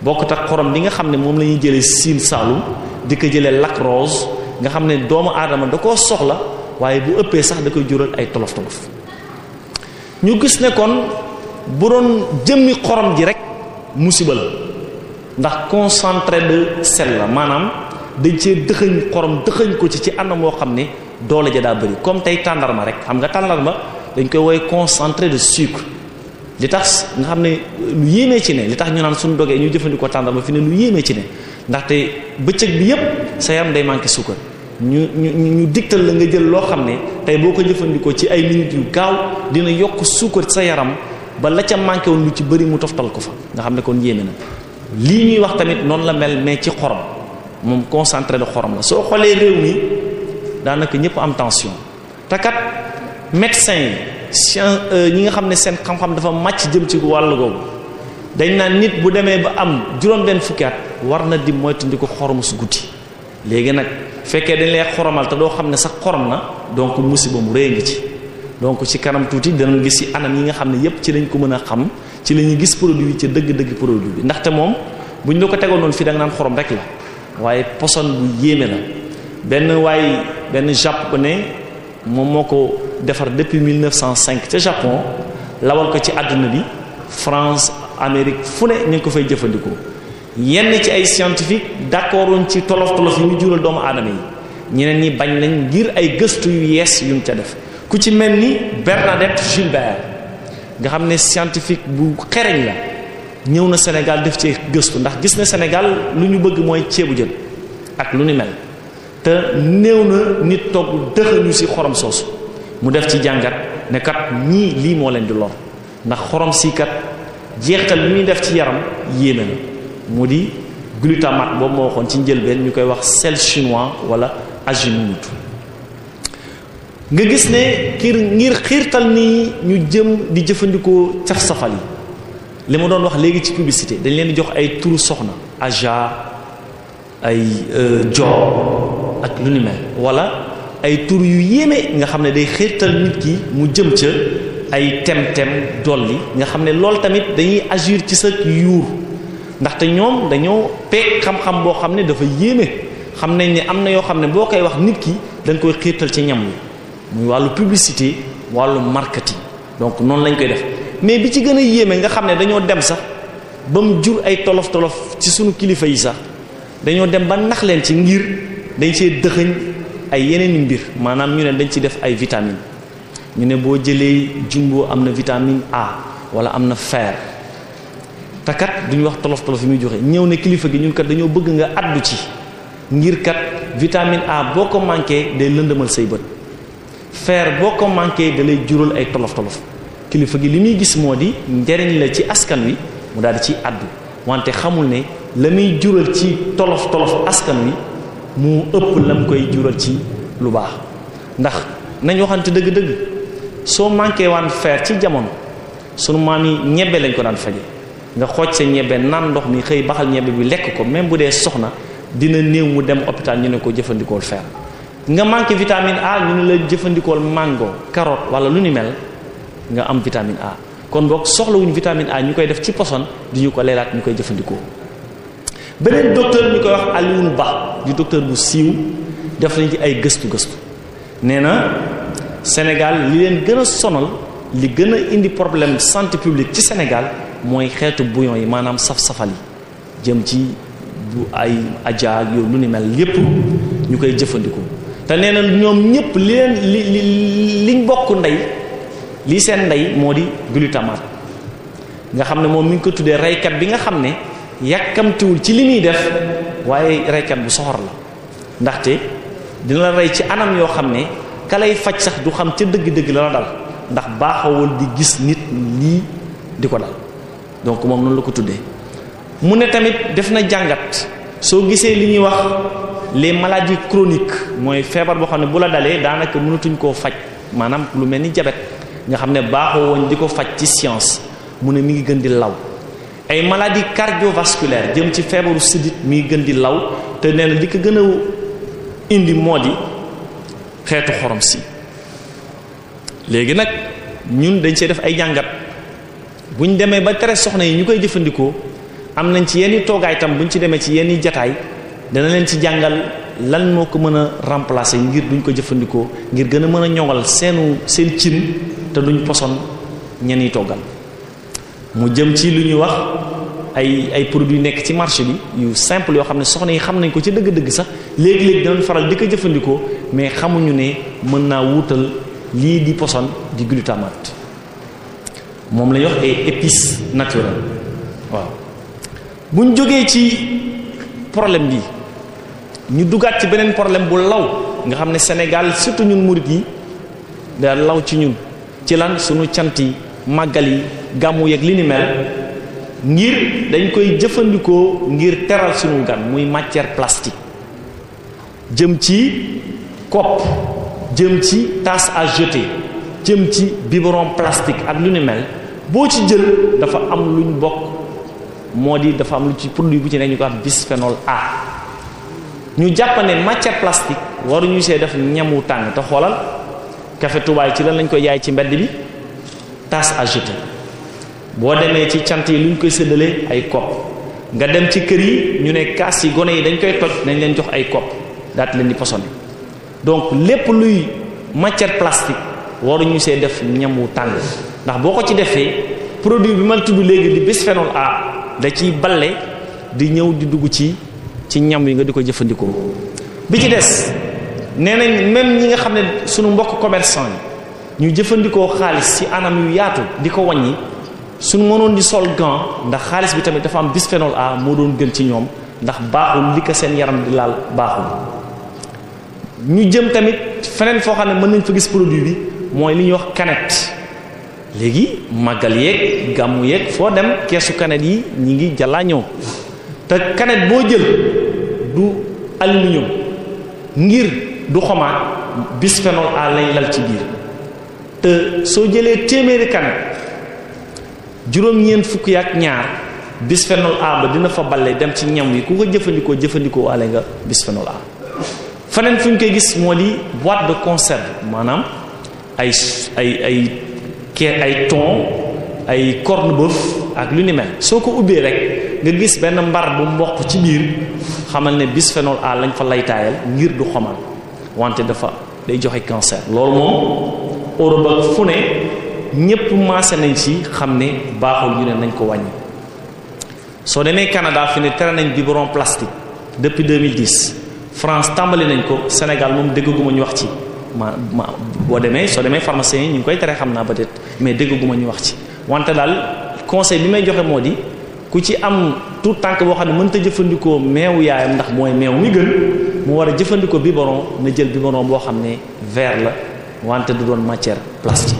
bokkut ak xorom li nga xam ne moom la ñuy jëlee Sine Saloum di ko jëlee Lac Rose nga xam ne doomu aadama da koo soxla waaye bu ëppee sax da koy jural ay tolof tolof ñu gis ne kon bu doon jëmmi xorom ji rek musiba la ndax concentré de sel la maanaam dañ cee dëxëñ xorom dëxëñ ko ci ci anam moo xam ne doole ja daa bëri comme tey tàndarma rek xam nga tàndarma dañ koy woy concentré de sucre li tax nga xam ne lu yéemee ci ne li tax ñu naan suñu dogee ñu jëfandikoo tàndarma fi ne lu yéemee ci ne ndaxte bëccëg bi yépp sa yaram day manqué suukar ñu ñu ñu digtal la nga jël loo xam ne tey boo ko jëfandikoo ci ay minutes yu gaaw dina yokk suukar sa yaram ba la ca manqué woon lu ci bëri mu toftal ko fa nga xam ne kon yéeme na lii ñuy wax tamit noonu la mel mais ci xorom moom concentré de xorom la soo xoolee réew mi daanaka ñëpp am tension te kat médecin yi science euh, ñi nga xam ne seen xam-xam dafa màcc jëm ci wàll googu dañ naan nit bu demee ba am juróom-benn fukki war na di moytandiku xorom su guddi léegi nag fekkee dañ lay xoromal te doo xam ne sax xorom na donc musiba mu rëy ngi ci donc ci kanam tuuti dana gis ci anam yi nga xam ne yépp ci lañ ko mën a xam ci la ñuy gis produit yi ci dëgg-dëgg produit bi ndaxte moom bu ñu la ko tegoon noonu fii da nga naan xorom rek la waaye poson bu yéeme la benn waaye benn ko ne moom moo ko defar depuis 1905 ca Japon lawal ko ci àdduna bi France Amérique fu ne ñu ngi ko fay jëfandikoo. yenn ci ay scientifique d'accorduñ ci tolof tolof yi ñu jural doomu aadama yi ñeneen ñi bañ nañ ngir ay gëstu yu yees yuñ ca def ku ci mel ni Bernadette Gilbert nga xam ne scientifique bu xereñ la ñëw na Sénégal def ci gëstu ndax gis na senegal lu ñu bëgg mooy ceebu jël ak lu ni mel te néew na nit togg dëxañu ci xorom soosu mu def ci jàngat ne ñii lii moo leen di lor ndax xorom si kat jeextal li muy def ci yaram yéeme na mu di glutamate boobu moo waxoon ci njëlbeen ñu koy wax sel chinois wala aginomoto nga gis ne ngir ngir xiirtal ni ñu jëm di jëfandikoo caf safal yi li ma doon wax léegi ci publicité dañ leen di jox ay turu soxna aja ay joor euh, ak lu ni wala ay tur yu yéeme nga xam ne day xiirtal nit ki mu jëm ca ay tem tem dolli nga xam ne lool tamit dañuy agir ci sa yuur ndaxte ñoom dañoo peeg xam-xam boo xam ne dafa yéeme xam nañ ne am na yoo xam ne boo koy wax nit ki da nga koy xiirtal ci ñam wi muy wàllu publicité wàllu marketing donc noonu lañ koy def mais bi ci gën a yéeme nga xam ne dañoo dem sax ba mu jur ay tolof tolof ci suñu kilifa yi sax dañoo dem ba nax leen ci ngir dañ see dëxëñ ay yeneen i mbir maanaam ñu ne dañ ci def ay vitamines ñu ne boo jëlee jumbo am na vitamine A wala am na fer. te kat duñu wax tolof tolof yi muy joxe ñëw ne kilifa gi ñun kat dañoo bëgg nga addu ci ngir kat vitamine A boo ko manqué day lëndëmal say bët fer boo ko manqué da jural ay tolof tolof kilifa gi li muy gis moo di njariñ la ci askan wi mu daal di ci addu wante xamul ne la muy jural ci tolof tolof askan wi mu ëpp la mu koy jural ci lu baax ndax nañ waxante dëgg-dëgg soo manqué waan fer ci jamono sunu maam yi ñebe lañ ko daan faje nga xooj sa ñebe nan ndox mi xëy baxal ñebe bi lekk ko même bu dee soxna dina néew mu dem hôpital ñu ne ko jëfandikool fer nga manqué vitamine A ñu ne la jëfandikool mango carotte wala lu ni mel nga am vitamine A kon boog soxlawuñ vitamine A ñu koy def ci poson di ñu ko leelaat ñu koy jëfandikoo beneen docteur ñu koy wax Alioune Ba di docteur bu siiw def nañ ci ay gëstu gëstu nee na Sénégal li leen gën a sonal li gën a indi problème santé publique ci Sénégal mooy xeetu bouillon yi maanaam saf-safal yi jëm ci bu ay aja ak yow lu ni mel yépp ñu koy jëfandikoo te nee na ñoom ñépp li leen li li liñ bokk ndey lii seen ndey moo di glutamate nga xam ne moom mi ngi ko tuddee reykat bi nga xam ne yàkkamtiwul ci li muy def waaye reykat bu soxor la ndaxte dina la rey ci anam yoo xam ne ka faj sax du xam ca dëgg-dëgg la la dal ndax baaxawul di gis nit lii di ko dal donc moom noonu la ko tuddee mu ne tamit def na jàngat soo gisee li ñuy wax les maladies chroniques mooy feebar boo xam ne bu la dalee daanaka mënatuñ koo faj maanaam lu mel ni jabet nga xam ne baaxoo woon di ko faj ci science mu ne mi ngi gën di law ay maladies cardiovasculaires jëm ci feebaru sidit mi ngi gën di law te nee na li ko gën a indi moo di xeetu xorom si léegi nag ñun dañ see def ay jàngat. buñ demee ba tere soxna yi ñu koy jëfandikoo am nañ ci yenn toogaay tam buñ ci demee ci yenn jataay dana leen ci jàngal lan moo ko mën a remplacer ngir duñ ko jëfandikoo ngir gën a mën a ñoŋal seenu seen cin te duñ poson ñenn toggal mu jëm ci lu ñuy wax ay ay produits nekk ci marché bi yu semple yoo xam ne soxna yi xam nañ ko ci dëgg-dëgg sax léegi-léegi dinañ faral di ko jëfandikoo mais xamuñu ne mën naa wutal lii di poson di glutamate moom la wax ay épices naturelles waaw buñ jógee ci problème bi ñu duggaat ci beneen problème bu law nga xam ne Sénégal surtout ñun murit yi da law ci ñun ci lan suñu cant yi màggal yi gàmmu yeeg li mel ngir dañ koy jëfandikoo ngir teral suñu gan muy matière plastique jëm ci kopp jëm ci tasse à jeter jëm ci biberon plastique ak lu mel boo ci jël dafa am lu ñu bokk moo di dafa am lu ci produit bu ci ne ñu ko am bisphénol A ñu jàpp ne matière plastique waruñu see def ñamu tàng te xoolal café tubaay ci lan lañ koy yaay ci mbedd bi tass à boo demee ci cant yi lu ñu koy séddalee ay kopp nga dem ci kër yi ñu ne kaas yi gone yi dañ koy toj dañ leen jox ay kopp daat leen di posone donc lépp luy matière plastique waruñu see def ñam wu tàng ndax boo ko ci defee produit bi ma tudd léegi di bisphénol A da ciy bale di ñëw di dugg ci ci ñam yi nga di ko jëfandikoo bi ci des nee nañ même ñi nga xam ne sunu mbokk commerçant yi ñu jëfandikoo xaalis ci anam yu yaatu di ko waññi suñu mënoon di sol gant ndax xaalis bi tamit dafa am bisphénol A moo doon gën ci ñoom ndax baaxul li ko seen yaram di laal baaxul ñu jëm tamit feneen foo xam ne mën nañ fa gis produit bi mooy li ñuy wax canette léegi màggal yeeg gàmmu yeeg foo dem keesu canette yi ñi ngi jàllaa ñëw te canette boo jël du aluminium ngir du xomaat bisphénol A lañ lal ci biir te soo jëlee téeméeri canette juróom-ñeent fukki ak ñaar bisphénol A ba dina fa balle dem ci ñam yi ku ko jëfandikoo jëfandikoo waale nga bisphénol A feneen fu ñu koy gis moo di boîte de conserve maanaam ay ay ay kee ay ton ay corne bœuf ak lu ni soo ko ubbee rek nga gis benn mbar bu mboq ci biir xamal ne bisphénol A lañ fa laytaayal ngir du xomal wante dafa day joxe cancer lool moom Europe ak fu ne ñépp maase nañ ci xam ne baaxul ñu ne nañ ko wàññi soo demee Canada fi ne tere nañ biberon plastique depuis 2010 France tàmbali nañ ko Sénégal moom dégguma ñu wax ci ma ma boo demee soo demee pharmacien yi ñu ngi koy tere xam naa peut-être mais ma ñu wax ci wante daal conseil bi may joxe moo di ku ci am tout tànk boo xam ne mënta jëfandikoo meewu yaayam ndax mooy meew mi gën mu war a jëfandikoo biberon na jël biberon boo xam ne verre la wante du doon matière plastique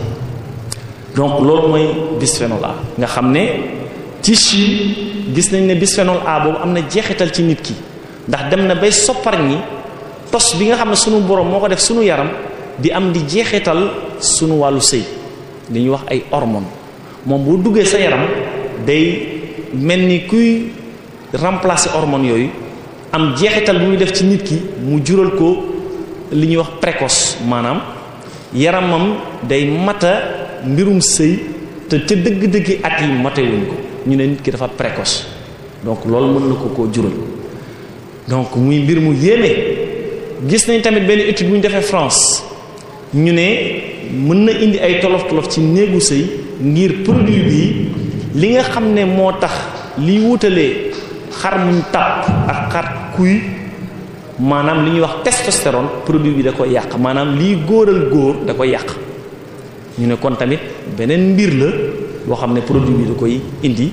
donc loolu mooy bisphénol A nga xam ne tissu gis nañ ne bisphénol A boobu am na jeexital ci nit ki ndax dem na bay soppar ñi tos bi nga xam ne sunu borom moo ko def sunu yaram di am di jeexeetal sunu wàllu sëy li ñuy wax ay hormone moom boo duggee sa yaram day mel ni kuy remplacer hormone yooyu am jeexital bu muy def ci nit ki mu jural ko li ñuy wax précoce maanaam yaramam day mata mbirum sëy te ca dëgg-dëggi at yi matewuñ ko ñu ne nit ki dafa précoce donc loolu mën na ko koo jural donc muy mbir mu yéeme gis nañ tamit benn étude bu ñu defee France ñu ne mën na indi ay tolof tolof ci néegu sëy ngir produit bi li nga xam ne moo tax liy wutalee xar muñ tàpp ak xar kuy maanaam li ñuy wax testostérone produit bi da koy yàq maanaam liy góoral góor da koy yàq ñu ne kon tamit beneen mbir la boo xam ne produit bi da koy indi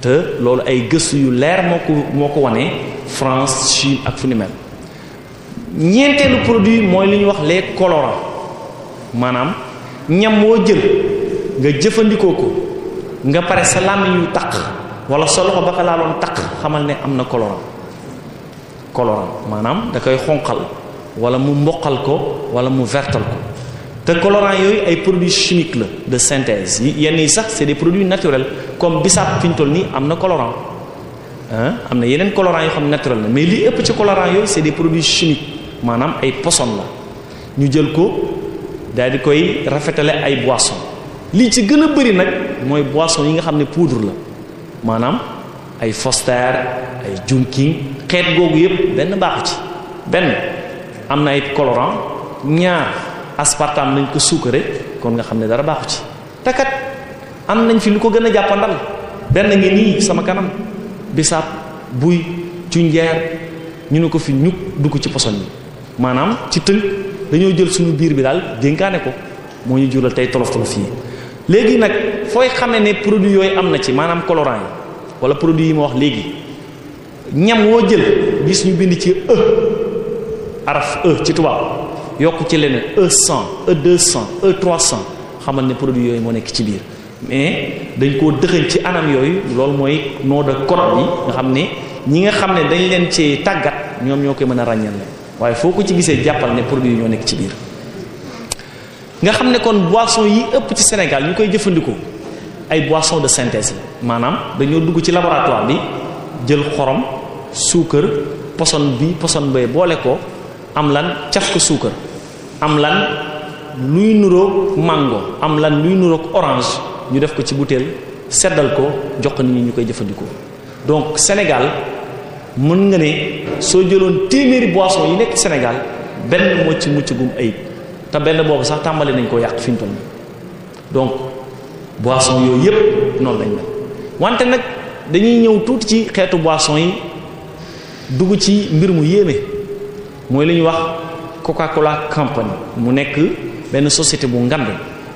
te loolu ay gëstu yu leer moo ko moo ko wane France Chine ak fu ñeenteelu produit mooy lu ñuy wax les colorants maanaam ñam woo jël nga jëfandikoo ko nga pare sa làmmiñ yu taq wala sa loxo ba ka laaloon taq xamal ne am na colorant colorant maanaam da koy xonqal wala mu mboqal ko wala mu vertal ko te colorant yooyu ay produits chimiques la de synthèse yenn yi sax c'est des produits naturels comme bisaab fi ñu toll nii am na colorant ah am na yeneen colorant yoo xam naturel la mais li ëpp ci colorant yooyu c'est des produits maanaam ay poson la ñu jël ko daal di koy rafetale ay boisson li ci gën a bëri nag mooy boisson yi nga xam ne poudre la maanaam ay Foster ay Junking xeet googu yépp benn baaxu ci benn am na ay colorant ñaar aspartame lañ ko suukaree kon nga xam ne dara baaxu ci te kat am nañ fi lu ko gën a jàppandal benn ngi nii sama kanam bisaab buy cu ñu ne ko fi ñu dugg ci poson yi maanaam ci tënk dañoo jël suñu biir bi daal dénkaane ko moo ñu jural tey tolof tolof yi léegi nag fooy xam ne produit yooyu am na ci maanaam colorant wala produit yi ma wax léegi ñam woo jël gis ñu bind ci e, e ci tubaab yokk ci leneen e 100 e 200 e xamal ne produit yooyu moo nekk ci biir mais dañ koo dëxëñ ci anam yooyu loolu mooy nom de bi nga xam ne ñi nga xam ne dañ leen ci tàggat ñoom ñoo koy mën a ràññeel waaye foo ko ci gisee jàppal ne produit yi ñoo nekk ci biir nga xam ne kon boisson yi ëpp ci Sénégal ñu koy jëfandikoo ay boisson de synthèse maanaam dañoo dugg ci laboratoire bi jël xorom suukar poson bi poson bay boole ko am lan caf ko suukar am lan luy nuroog mango am lan luy nuroog orange ñu def ko ci butéel seddal ko jox nit ñi ñu koy jëfandikoo donc Sénégal mën nga ne soo jëloon téeméeri boisson yi nekk Sénégal benn moo ci mucc gum ayib te benn boobu sax tàmbali nañ ko yàq fi mu toll donc boisson yooyu yépp noonu lañ wante nag dañuy ñëw tuuti ci xeetu boisson yi dugg ci mbir mu yéeme mooy li ñuy wax Coca-Cola Company mu nekk benn société bu ngand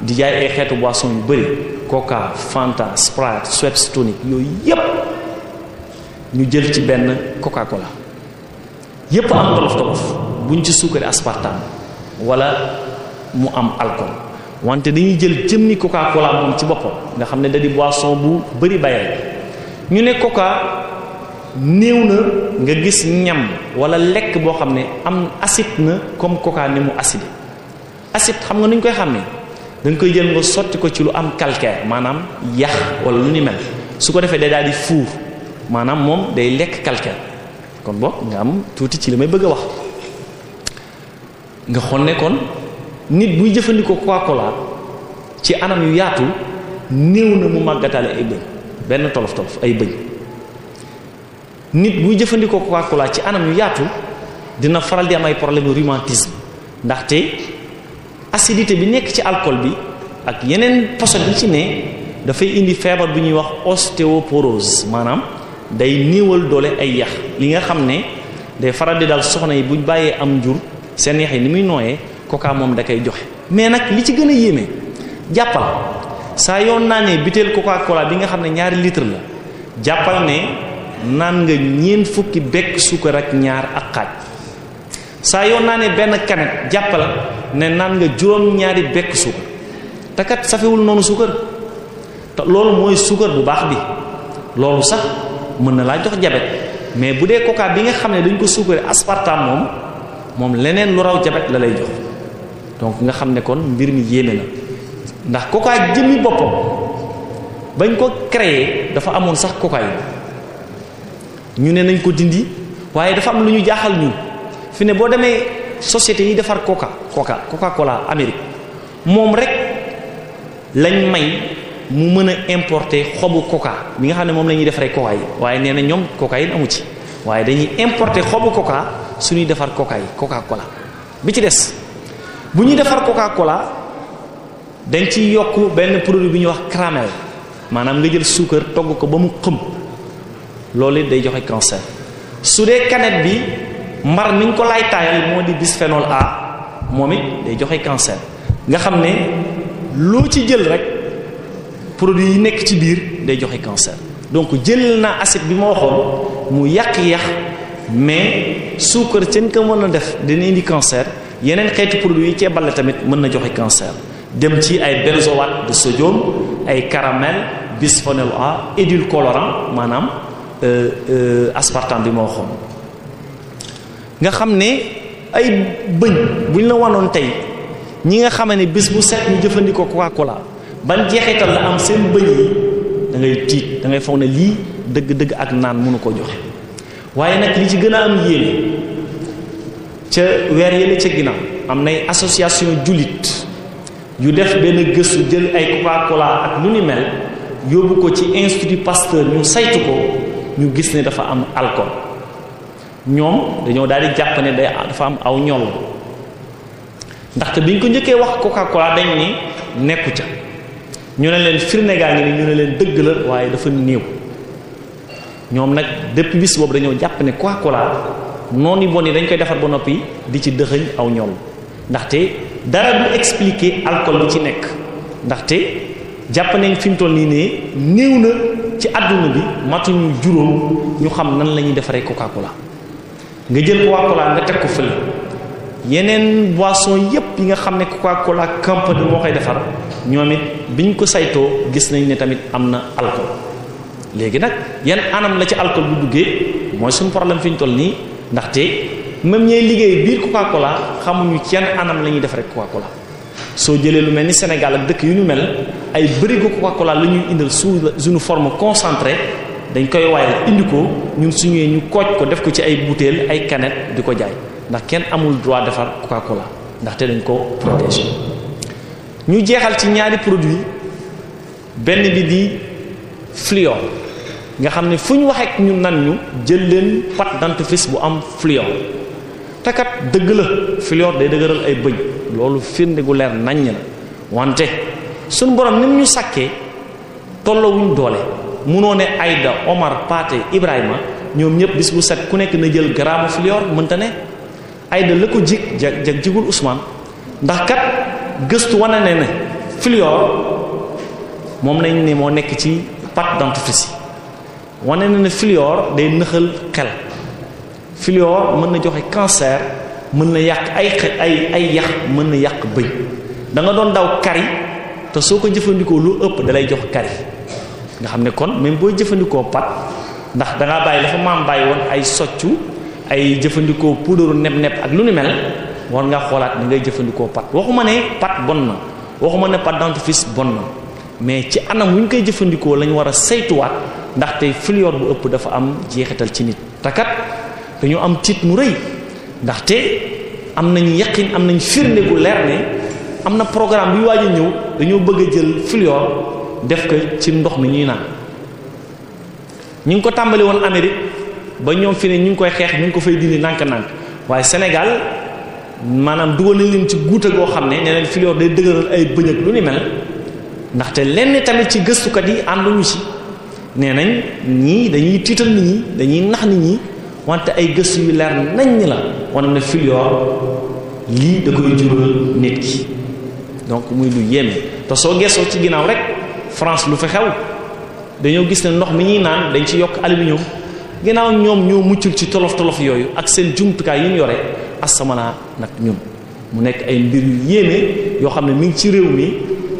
di jaay ay xeetu boisson yu bari Coca Fanta Sprite Schweppes tonic yooyu yépp ñu jël ci benn coca cola yépp am tolof tolof buñ ci suukari aspartame wala mu am alcool wante dañuy jël jëmmi coca cola moom ci boppam nga xam ne da di boisson bu bari bayal ñu ne koka néew na nga gis ñam wala lekk boo xam ne am acide na comme coca ni mu acide acide xam nga nuñ koy xam ne dañ koy jël nga sotti ko ci lu am calcaire maanaam yax wala lu ni mel su ko defee day daal di fuur maanaam moom day lekk calcaire kon boog nga am tuuti ci li may bëgg a wax nga xon ne kon nit buy jëfandikoo coca ci anam yu yaatu néew na mu màggataale ay bëñ benn tolof tolof ay bëñ nit buy jëfandikoo Coca-Cola ci anam yu yaatu dina faral di am ay problème rhumatisme ndaxte acidité bi nekk ci alcool bi ak yeneen poson yi ci ne dafay indi feebar bi ñuy wax ostéoporose maanaam day niiwal doole ay yax li nga xam ne day faral di daal soxna yi buñ bàyyee am jur seen yax yi ni muy nooyee kokaa moom da koy joxe mais nag li ci gën a yéeme jàppal saa yoon naanee butéel coca cola bi nga xam ne ñaari litre la jàppal ne naan nga ñeent fukki bekk suukar ak ñaar ak xaaj saa yoon naa ne benn canette jàppal ne naan nga juróom ñaari bekk suukar te kat safewul noonu suukar te loolu mooy suukar bu baax bi loolu sax mën na laa jox jabet mais bu dee coca bi nga xam ne dañ ko suukaree aspartame moom moom leneen lu raw jabet la lay jox donc nga xam ne kon mbir mi yéeme na ndax coca jëmmi boppam bañ ko créer dafa amoon sax koka yi ñu ne nañ ko dindi waaye dafa am lu ñu jaaxal ñun fi ne boo demee société yi defar coca coca coca cola Amérique moom rek lañ may mu mën a importer xobu koka bi nga xam ne moom la ñuy defaree coca yi waaye nee na ñoom coca yi amu ci waaye dañuy importer xobu coca suñuy defar coca yi coca cola bi ci des bu ñuy defar coca cola dañ ci yokk benn produit bi ñuy wax caramel maanaam nga jël suukar togg ko ba mu xëm loolu day joxe cancer su dee canette bi mbar mi ñu ko lay taayal moo di bisphénol A moom it day joxe cancer nga xam ne loo ci jël rek. produit yi nekk ci biir day joxe cancer donc jël naa acide bi ma waxoon mu yàq-yàq mais suukar seen ko mën a def dina indi cancer yeneen xeetu produit yi cee balle tamit mën na joxe cancer dem ci ay benzoate de sodium ay caramel bisphénol A édulcorant maanaam euh, euh, aspartame bi ma waxoon nga xam ne ay bëñ buñ la wanoon tey ñi nga xam ne bés bu set ñu jëfandikoo Coca-Cola ban jeexital la am seen bëñ yi da ngay tiit da ngay ne lii dëgg-dëgg ak naan mënu ko joxe waaye nag li ci gën a am yéene ca weer yële ca ginnaaw am nay association jullit yu def benn gëstu jël ay Coca-Cola ak lu ni mel yóbbu ko ci institut Pasteur ñu saytu ko ñu gis ne dafa am alcool ñoom dañoo daal di jàpp ne dafa am aw ñoll ndaxte biñ ko njëkkee wax Coca-Cola dañ ni nekku ca ñu ne leen firnde gaa ngi ni ñu ne leen dëgg la waaye dafa néew ñoom nag depuis bis boobu dañoo jàpp ne quoi cola noonu yi bon yi dañ koy defar ba noppi di ci dëxëñ aw ñoom ndaxte dara du expliquer alcool bi ci nekk ndaxte jàpp nañ fi toll nii ne néew na ci àdduna bi matuñu juróom ñu xam nan lañuy defaree coca cola nga jël coca cola nga teg ko fële yeneen boisson yépp yi nga xam ne Coca-Cola company moo koy defar ñoom it biñ ko saytoo gis nañ ne tamit am na alcool léegi nag yan anam la ci alcool bu duggee mooy suñ problème fi ñu toll nii ndaxte même ñay liggéey biir Coca-Cola xamuñu ci yan anam la ñuy defaree Coca-Cola soo jëlee lu mel ni Sénégal ak dëkk yu ñu mel ay bërigo Coca-Cola la ñuy indal sous une forme concentré dañ koy waayal indi ko ñun suñuwee ñu kooj ko def ko ci ay bouteilles ay canettes di ko jaay ndax kenn amul droit defar coca cola ndaxte dañ ko protéger ñu jeexal ci ñaari produit benn bi di fluor nga xam ne fu ñu waxee ñu nan ñu jël leen pâte dentifrice bu am fluor te dëgg la fluor day dëgëral ay bëñ loolu firnde gu leer naññ la wante suñ borom ni mu ñu sàkkee tollowuñ doole munoo ne Aïda Omar Pathé Ibrahima ñoom ñëpp bis bu set ku nekk na jël gramme fluor mënta ne Aïda la ko jig jag jag jigul usmaan ndax kat gëstu wane ne ne fluor moom nañ ne moo nekk ci pâte dentifrice yi wane na ne fluor day nëxal xel fluor mën na joxe cancer mën na yàq ay ay ay yax mën na yàq bëñ danga doon daw kari te soo ko jëfandikoo lu ëpp dalay jox kari nga xam ne kon même boo jëfandikoo pat ndax dangaa bàyyi dafa maam bàyyi woon ay soccu ay jëfandikoo puudaru neb-neb ak lu ni mel war nga xoolaat ni ngay jëfandikoo pat waxuma ne pat bon na waxuma ne pat dentifrice bon na mais ci anam wu ñu koy jëfandikoo lañu war a saytuwaat ndaxte fluor bu ëpp dafa am jeexital ci nit takat dañu am tiit mu rëy ndaxte am nañ yaqin am nañ firnde gu leer ne am na programme bi waaj ñëw dañoo bëgg a jël fluor def ko ci ndox mi ñuy naan ñu ngi ko tàmbali woon ba ñoom fi ne ñu ngi koy xeex ñu ngi ko fay dindi nànk-nànk waaye Sénégal maanaam dugal nañ leen ci guuta goo xam ne ne leen day dëgëral ay bëñ lu ni mel ndaxte lenn tamit ci gëstukat yi ànduñu ci nee nañ ñii dañuy tiital nit ñi dañuy nax nit ñi wante ay gëstu yu leer nañ la wane na filior lii da koy jural nit ki donc muy lu yéeme te soo gëstoo ci ginnaaw rek France lu fi xew dañoo gis ne ndox mi ñuy naan dañ ci yokk aluminium ginnaaw ñoom ñoo muccul ci tolof tolof yooyu ak seen jumtukaay yi ñu yore asamanaa nag ñun mu nekk ay mbir yu yéeme yoo xam ne mi ngi ci réew mi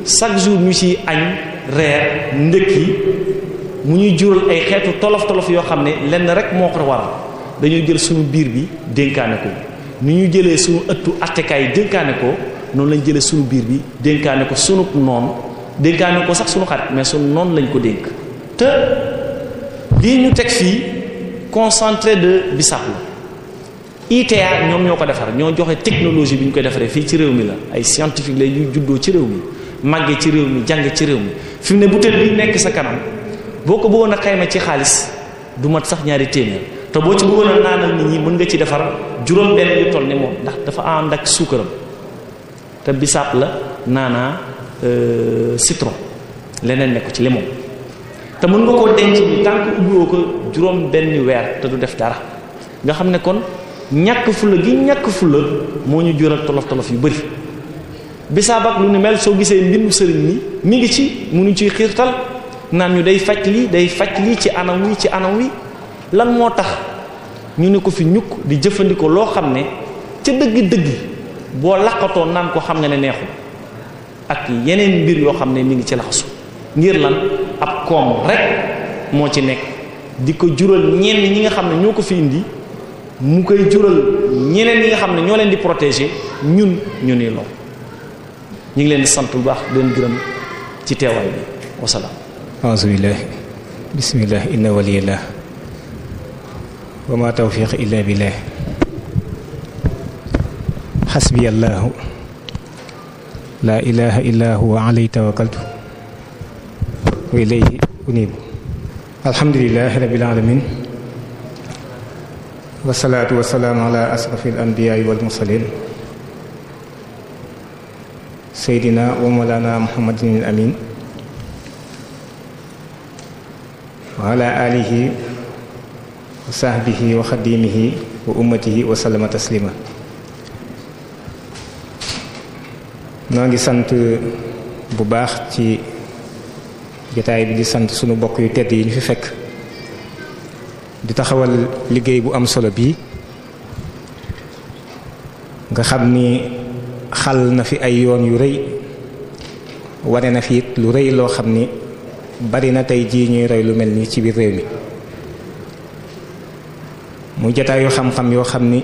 chaque jour ñu ci añ reer ndëkki mu ñuy jural ay xeetu tolof tolof yoo xam ne lenn rek moo ko waral dañuy jël suñu biir bi dénkaane ko ni ñu jëlee suñu ëttu attekaay dénkaane ko noonu lañ jëlee suñu biir bi dénkaane ko sunu noon dénkaane ko sax sunu xarit mais sunu noon lañ ko dénk te lii ñu teg fii concentré de Bissau ITA ñoom ñoo ko defar ñoo joxe technologie bi ñu koy defaree fii ci réew mi la ay scientifique lay yu juddoo ci réew mi màggee ci réew mi jànge ci réew mi fi mu ne butéel bi nekk sa kanam boo ko bëggoon a xayma ci xaalis du mat sax ñaari téeméer te boo ci bëggoon a naanal nit ñi mën nga ci defar juróom benn toll ni moom ndax dafa ànd ak suukaram te bisaab la naanaa sitro euh, leneen nekku ci limon te mën nga koo denc bi tant que ubbiwoo ko juróom benn weer te du def dara nga xam ne kon ñàkk fulla gi ñàkk fulla moo ñu jural tolof tolof yu bëri bisaab ak lu ni mel soo gisee mbindu sëriñ mi mi ngi ci munu ciy xiirtal naan ñu day faj lii day faj lii ci anam wi ci anam wi lan moo tax ñu ne ko fi ñukk di jëfandikoo loo xam ne ca dëgg-dëgg boo laqatoo naan ko xam nga ne neexul ak yeneen mbir yoo xam ne mi ngi ci laxasu ngir lan ab koom rek moo ci nekk di ko jural li ñi nga xam ne ñoo ko fi indi mu koy jural ñeneen ñi nga xam ne ñoo leen di protéger ñun ñu ni lool ñu ngi leen di sant bu baax di leen gërëm ci teewaay bi wasalaam aasubillah bismillah inna waliyillah wa ma tawfiq illa billah xasbiyallahu la ilaha illa huwa alayhi tawakkaltu wa ilayhi unibu alhamdulilahi rabbil alamin wasalaatu wasalaamu ala asrafil anbiyaai wal mursalin seydina wa mawlana muhammadin al amin wa ala alihi wa sahbihi wa xadimihi wa ummatihi wa sallama taslima noo ngi sant bu baax ci jotaay bi di sant sunu bokk yu tedd yi ñu fi fekk di taxawal liggéey bu am solo bii nga xam ni xal na fi ay yoon yu rëy wane na fi it lu rëy loo xam ni bari na tey jii ñuy roy lu mel nii ci biir réew mi mu jataayu xam-xam yoo xam ni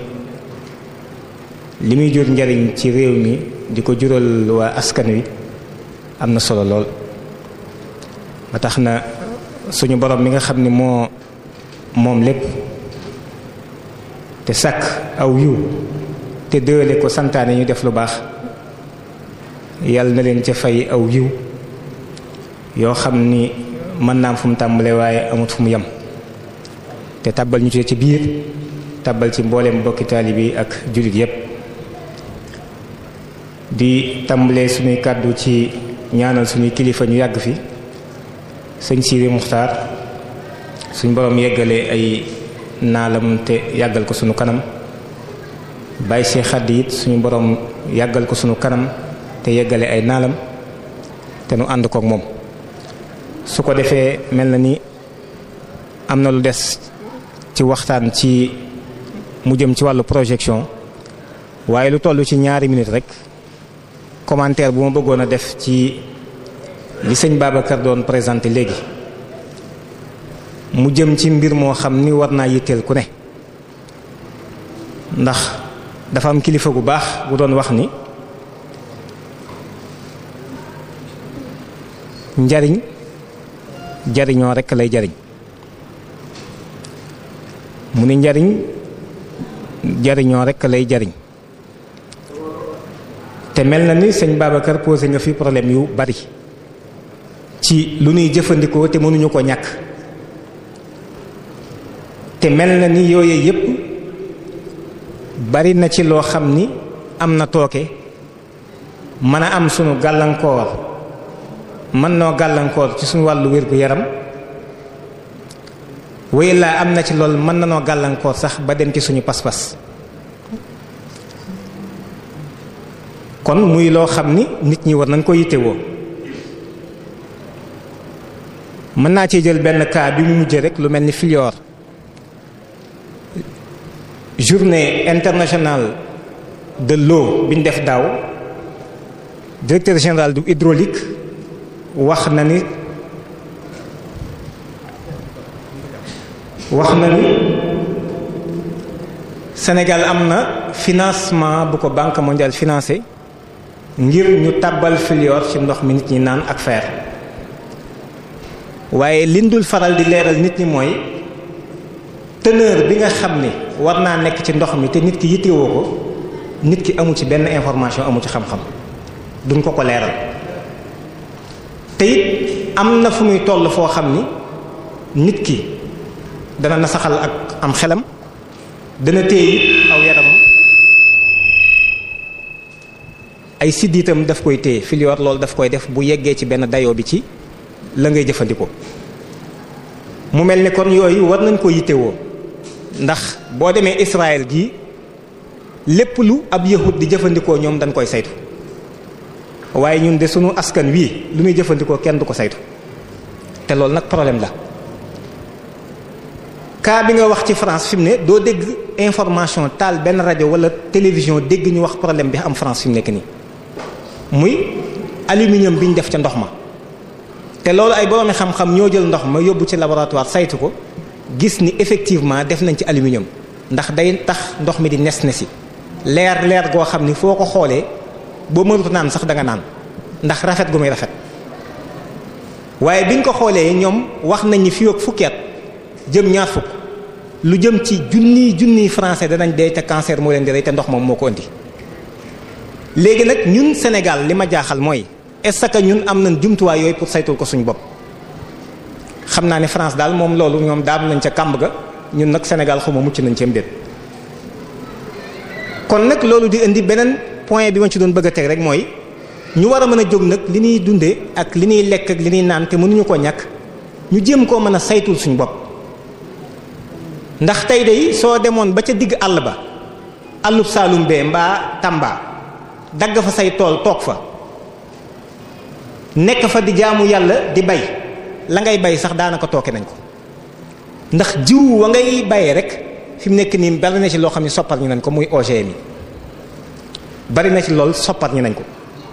li muy jur njariñ ci réew mi di ko jural waa askan wi am na solo lool ba tax na suñu borom mi nga xam ni moo moom lépp te sàkk aw yiw te dëële ko santaane ñu def lu baax yàlla na leen ca fay aw yiw yoo xam ni mën naam fu tàmbale waaye amut fu mu yem te tàbbal ñu ci ci biir tàbbal ci mbooleem bokki taalibe ak jullit yépp di tàmbalee suñuy kàddu ci ñaanal suñuy kilifa ñu yàgg fi sëñ Sidi Muxtaar suñ boroom yeggale ay naalam te yàggal ko suñu kanam Baye Cheikh Khady it suñu boroom yàggal ko suñu kanam te yeggale ay naalam te nu ànd kook moom su ko defee mel na ni am na lu des ci waxtaan ci mu jëm ci wàllu projection waaye lu toll ci ñaari minutes rek commentaire bu ma bëggoon def ci li sëñ Babacar doon présenté léegi mu jëm ci mbir moo xam ni war naa yitteel ku ne ndax dafa am kilifa gu baax bu doon wax ni njariñ jariñoo rekk lay jariñ mu ni njariñ jariñoo rekk lay jariñ te mel na ni sëñ Babacar posé nga fi problème yu bari ci lu ñuy jëfandikoo te mënuñu ko ñàkk te mel na ni yooye yépp bari na ci loo xam ni am na tooke mën a am sunu gàllankoor mën noo gàllankoor ci suñu wàllu wér-gu-yaram wéy laa am na ci lool mën na noo gàllankoor sax ba dem ci suñu pas-pas kon muy loo xam ni nit ñi war nañ ko yittewoo mën naa cee jël benn cas bi mu mujjee rek lu mel ni Filior journée internationale de l'eau bi ñu def daaw directeur général du hydraulique wax na ni wax na ni Sénégal am na financement bu ko banque mondiale financé ngir ñu tàbbal Filior ci ndox mi nit ñi naan ak fer waaye lindul faral di leeral nit ñi mooy teneur bi nga xam ni war naa nekk ci ndox mi te nit ki yittewoo ko nit ki amul ci benn information amu ci xam-xam duñ ko ko leeral te am na fu muy toll foo xam ni nit ki dana nasaxal ak am xelam dana téye aw yaramam ay siddiitam daf koy téye filior loolu daf koy def bu yeggee ci benn dayo bi ci la ngay jëfandikoo mu mel ni kon yooyu war nañ ko yittewoo ndax boo demee Israël gi lépp lu ab yahut di jëfandikoo ñoom dañ koy saytu waaye ñun de sunu askan wii lu muy jëfandikoo kenn du ko saytu te loolu nag problème la cas bi nga wax ci France fi mu ne doo dégg information taal benn rajo wala télévision dégg ñu wax problème bi am France fi mu nekk nii muy aluminium bi ñu def ca ndox ma. te loolu ay boroomi xam-xam ñoo jël ndox ma yóbbu ci laboratoire saytu ko gis ni effectivement def nañ ci aluminium ndax day tax ndox mi di nes nesi leer leer goo xam ni foo ko xoolee boo mënut naan sax danga naan ndax rafet gu muy rafet waaye biñ ko xoolee ñoom wax nañ ni fii ak fukki at jëm ñaar fukk lu jëm ci junniy junniy français danañ dee te cancer moo leen di rey te ndox moom moo ko indi léegi nag ñun Sénégal li ma jaaxal mooy. est-ce ñun am nañ jumtuwaay yooyu pour saytul ko suñu bopp xam naa ne France daal moom loolu ñoom daam nañ ca kàmb ga ñun nag Sénégal xaw ma mucc nañ cee mbir kon nag loolu di indi beneen point bi ma ci doon bëgg a teg rek mooy ñu war a mën a jóg nag li ñuy dundee ak li ñuy lekk li ñuy naan te mënuñu koo ñàkk ñu jéem koo mën a saytul suñu bopp ndax tey day soo demoon ba ca digg àll ba àllub Saalum bee mbaa Tamba dagg fa say tool toog fa. nekk fa di jaamu yàlla di bay la ngay bay sax daanaka tooke nañ ko ndax jiw wa ngay bayee rek fi mu nekk nii bari na ci loo xam ne soppar ñu nañ ko muy OGM yi bari na ci lool soppar ñu nañ ko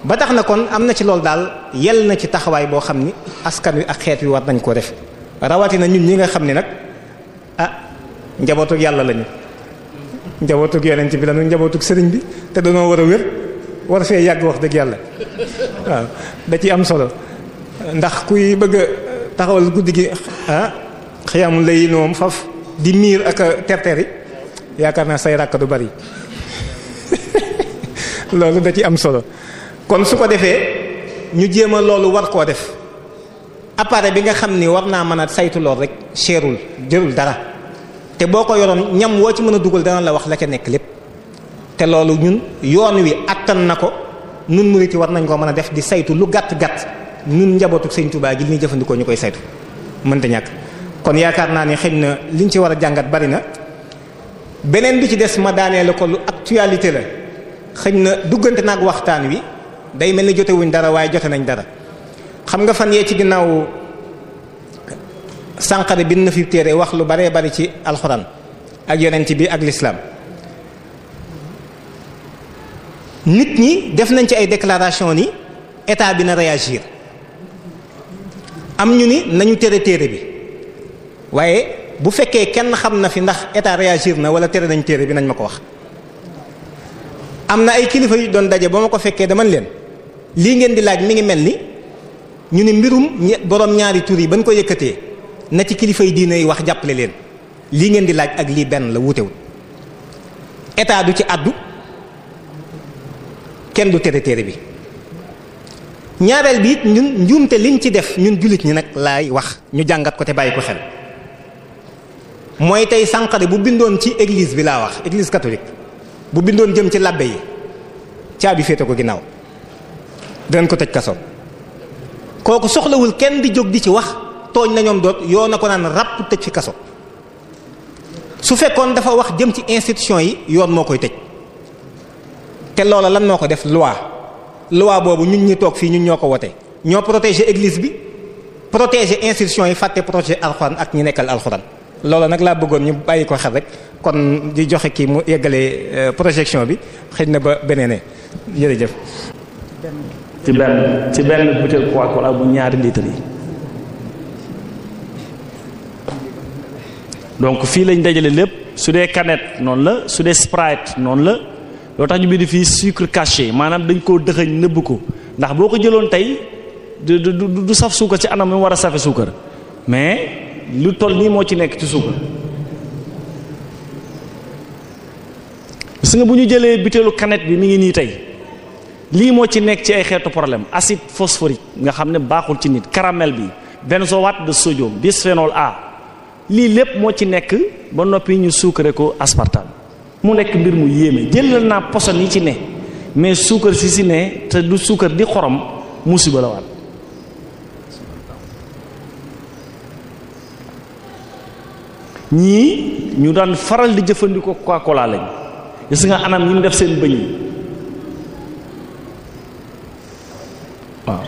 ba tax na kon am na ci loolu daal yell na ci taxawaay boo xam ni askan wi ak xeet wi war nañ ko def rawatina ñun ñi nga xam ni nag ah njabootug yàlla lañu njabootug yonent bi lañu njabootug sëriñ bi te danoo war a wér war fee yàgg wax dëgg yàlla waaw da ciy am solo ndax kuy bëgg a taxawal guddi gi ah xiyaamu lay moom faf di miir ak a terteri yaakaar naa say rakk du bari loolu da ci am solo kon su ko defee ñu jéem a loolu war koo def appareil bi nga xam ni war naa mën a saytu lool rek cherul jërul dara te boo ko yoroon ñam woo ci mën a dugal dana la wax la ca nekk lépp te loolu ñun yoon wi attan na ko nun murit ci war nañ koo mën a def di saytu lu gàtt gàtt nun njabootu sëñ Tuubaa gi li ñuy jëfandikoo ñu koy saytu mën mënta ñàkk kon yaakaar naa ni xëy na liñ ci war a jàngat bari na beneen bi ci des ma daaneel ko lu actualité la xëñ na duggante naag waxtaan wi day mel ni jotewuñ dara waaye jote nañ dara xam nga fan yee ci ginnaaw sànqare bind na fi téere wax lu baree bari ci alxuraan ak yonent bi ak lislaam nit ñi def nañ ci ay déclaration ni état bi na réagir am ñu ni nañu tere téere bi waaye bu fekkee kenn xam na fi ndax état réagir na wala tere nañ téere bi nañ ma ko wax am na ay kilifa yu doon daje ba ma ko fekkee dama leen lii ngeen di laaj mi ngi mel ni ñu ni mbirum borom ñaari tur yi bañ ko yëkkatee na ci kilifa yi diine yi wax jàppale leen lii ngeen di laaj ak lii benn la wuutewul état du ci àddu kenn du tere téere bi ñaareel bi it ñun njuumte liñ ci def ñun jullit ñi nag laay wax ñu jàngat ko te bàyyi ko xel mooy tey Sankharé bu bindoon ci église bi laa wax église katolik bu bindoon jëm ci labbe yi caabi féete ko ginnaaw dinañ ko tëj kaso kooku soxlawul kenn di jóg di ci wax tooñ na ñoom doot yoo na ko naan ràpp tëj fi kaso su fekkoon dafa wax jëm ci institution yi yoon moo koy tëj te loola lan noo ko def loi loi boobu ñun ñi toog fii ñun ñoo ko wote ñoo protéger église bi protéger institution yi fàtte projet alxuraan ak ñi nekkal alxuraan loola nag laa bëggoon ñu bàyyi ko xel rek kon di joxe kii mu yeggalee euh, projection bi xëy na ba beneen jërëjëf. ci benn ci benn butéel Coca-Cola bu ñaari litres yi. donc fii lañ dajale lépp su dee canette noonu la su dee Sprite noonu la. loo tax ñu di fii sucre caché maanaam dañ koo dëxëñ nëbb ko ndax boo ko jëloon tey du du saf suukar ci anam mi war a safe suukar mais lu toll nii moo ci nekk ci suukar gis bu ñu jëlee butéelu canette bi mi ngi nii tey lii moo ci nekk ci ay xeetu problème acide phosphorique nga xam ne baaxul ci nit karamel bi benn benzoate de sodium bisphénol A lii lépp moo ci nekk ba noppi ñu sucré ko aspartame mu nekk mbir mu yéeme jëlal naa poson yi ci ne mais suukar si si ne te du suukar di xorom musiba la waat ñii ñu daan faral di jëfandikoo Coca Cola lañ gis nga anam yi ñu def seen bëñ yi waaw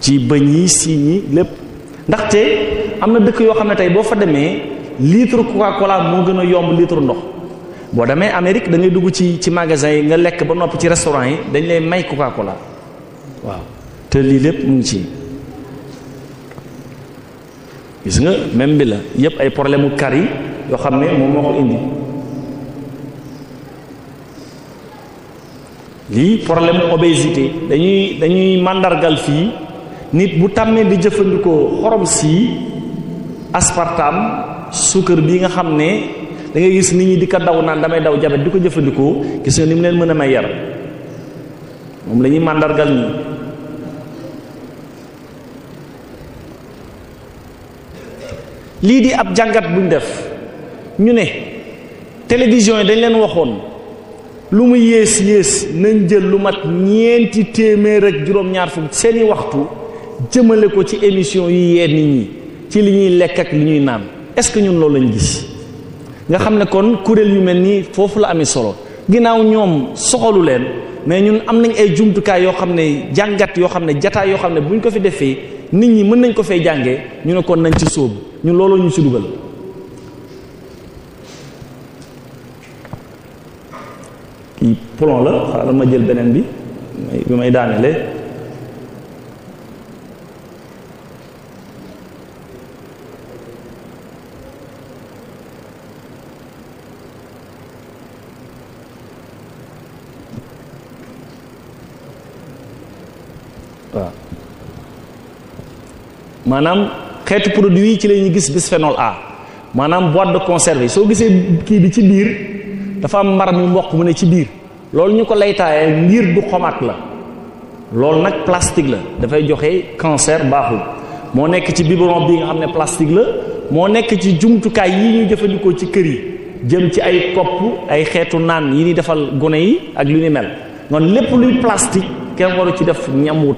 ci bëñ yi sii yi lépp ndaxte am na dëkk yoo xam ne tey boo fa demee litre Coca moo gën a yomb litre ndox. boo demee Amérique dangay dugg ci ci magasin yi nga lekk ba noppi ci restaurant yi dañ lay may Coca Cola waaw te lii lépp mu ngi ci gis nga même bi la yépp ay problème mu kar yi yoo xam ne moom moo ko indi lii problème obésité dañuy dañuy màndargal fii nit bu tàmmee di jëfandikoo xorom sii aspartame suukar bi nga xam ne da gis nit ñi di ko daw naan damay daw jabet di ko jëfandikoo gis nga ni mu leen mën a may yar moom lañuy ñuy màndargal ñi lii di ab jàngat buñ def ñu ne télévision yi dañ leen waxoon lu mu yées yées nañ jël lu mat ñeenti téeméer ak juróom-ñaar fukk seeni waxtu jëmale ko ci émission yi yee nit ñi ci li ñuy lekk ak li ñuy naan est-ce que ñun loolu lañ gis nga xam ne kon kuréel yu mel nii foofu la amee solo ginnaaw ñoom soxalu leen mais ñun am nañ ay jumtukaay yoo xam ne jàngat yoo xam ne jataay yoo xam ne bu ñu ko fi defee nit ñi mën nañ ko fay jàngee ñu ne kon nañ ci sóobu ñun looloo ñu ci dugal. kii plomb la xaaral ma jël beneen bi bi may daanelee. maanaam xeetu produit yi ci la ñuy gis bisphénol A maanaam boîte de conserve soo gisee kii bi ci biir dafa am mbar mi mboq mu ne ci biir loolu ñu ko laytaaye ngir du xomaat la loolu nag plastique la dafay joxe cancer baaxul moo nekk ci biberon bi nga xam ne plastique la moo nekk ci jumtukaay yi ñuy jëfandikoo ci kër yi jëm ci ay kopp ay xeetu naan yi ni defal gone yi ak lu ni mel noonu lépp luy plastique kenn waru ci def ñam wu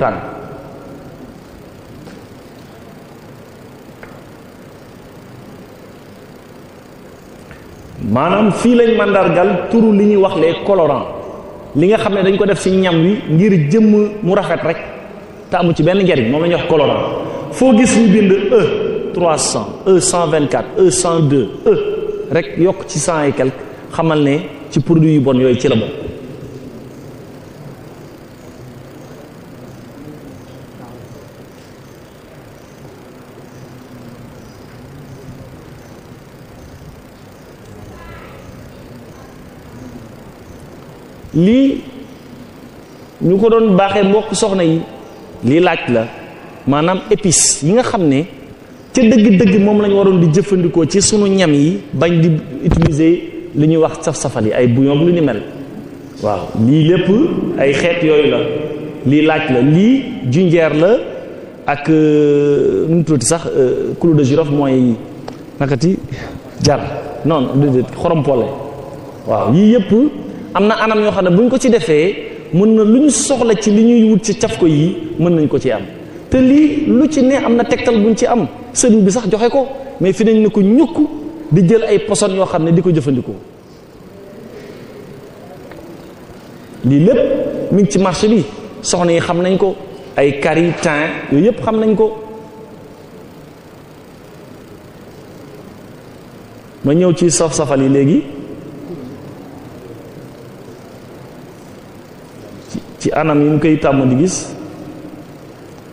maanaam fii lañ mandargal turu li ñuy wax les colorants li nga xam ne dañ ko def ci ñam wi ngir jëmm mu rafet rek te ci benn njariñ moom la wax colorant foo gis ñu bind E 300 E 124 E 102 E rek yokk ci cent et quelque xamal ne ci produit yu bon yooyu ci la bokk lii ñu ko doon baaxee mbokk soxna yi lii laaj la maanaam épice yi nga xam ne ca dëgg-dëgg moom lañ waroon di jëfandikoo ci sunu ñam yi bañ di utiliser li ñuy wax saf-safal yi ay bouillon lu ni mel waaw lii lépp ay xeet yooyu la lii laaj la lii junjeer la ak euh, nu mu tuuti sax euh, clou de girofle mooy nakati jar non déedéet xorom pole waaw yii yëpp am na anam yoo xam ne bu ñu ko ci defee mën na lu ñu soxla ci li ñuy wut ci caf ko yi mën nañ ko ci am te lii lu ci ne am na tegtal buñ ci am sëriñ bi sax joxe ko mais fi nañ ne ko ñukk di jël ay poson yoo xam ne di ko jëfandikoo lii lépp mi ci marché bi soxna yi xam nañ ko ay kari yooyu yëpp xam nañ ko ma ñëw ci saf-safal yi léegi ci anam yi ñu koy tàmm di gis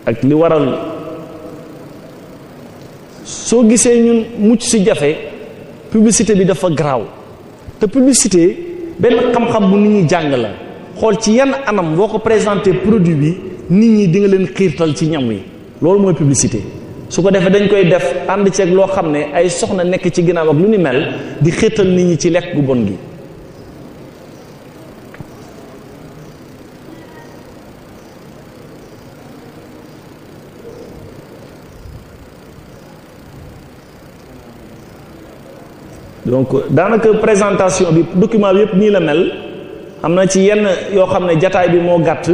ak li waral soo gisee ñun mucc si jafe publicité bi dafa garaaw te publicité benn xam-xam bu nit ñi jàng la xool ci yan anam boo ko présenté produit bi nit ñi di nga leen xiirtal ci ñam wi loolu mooy publicité su ko defee dañ koy def ànd ceeg loo xam ne ay soxna nekk ci ginnaaw ak lu ni mel di xiirtal nit ñi ci lekk gu bon gi donc daanaka présentation bi document bi yëpp nii la mel am na ci yenn yoo xam ne jataay bi moo gàtt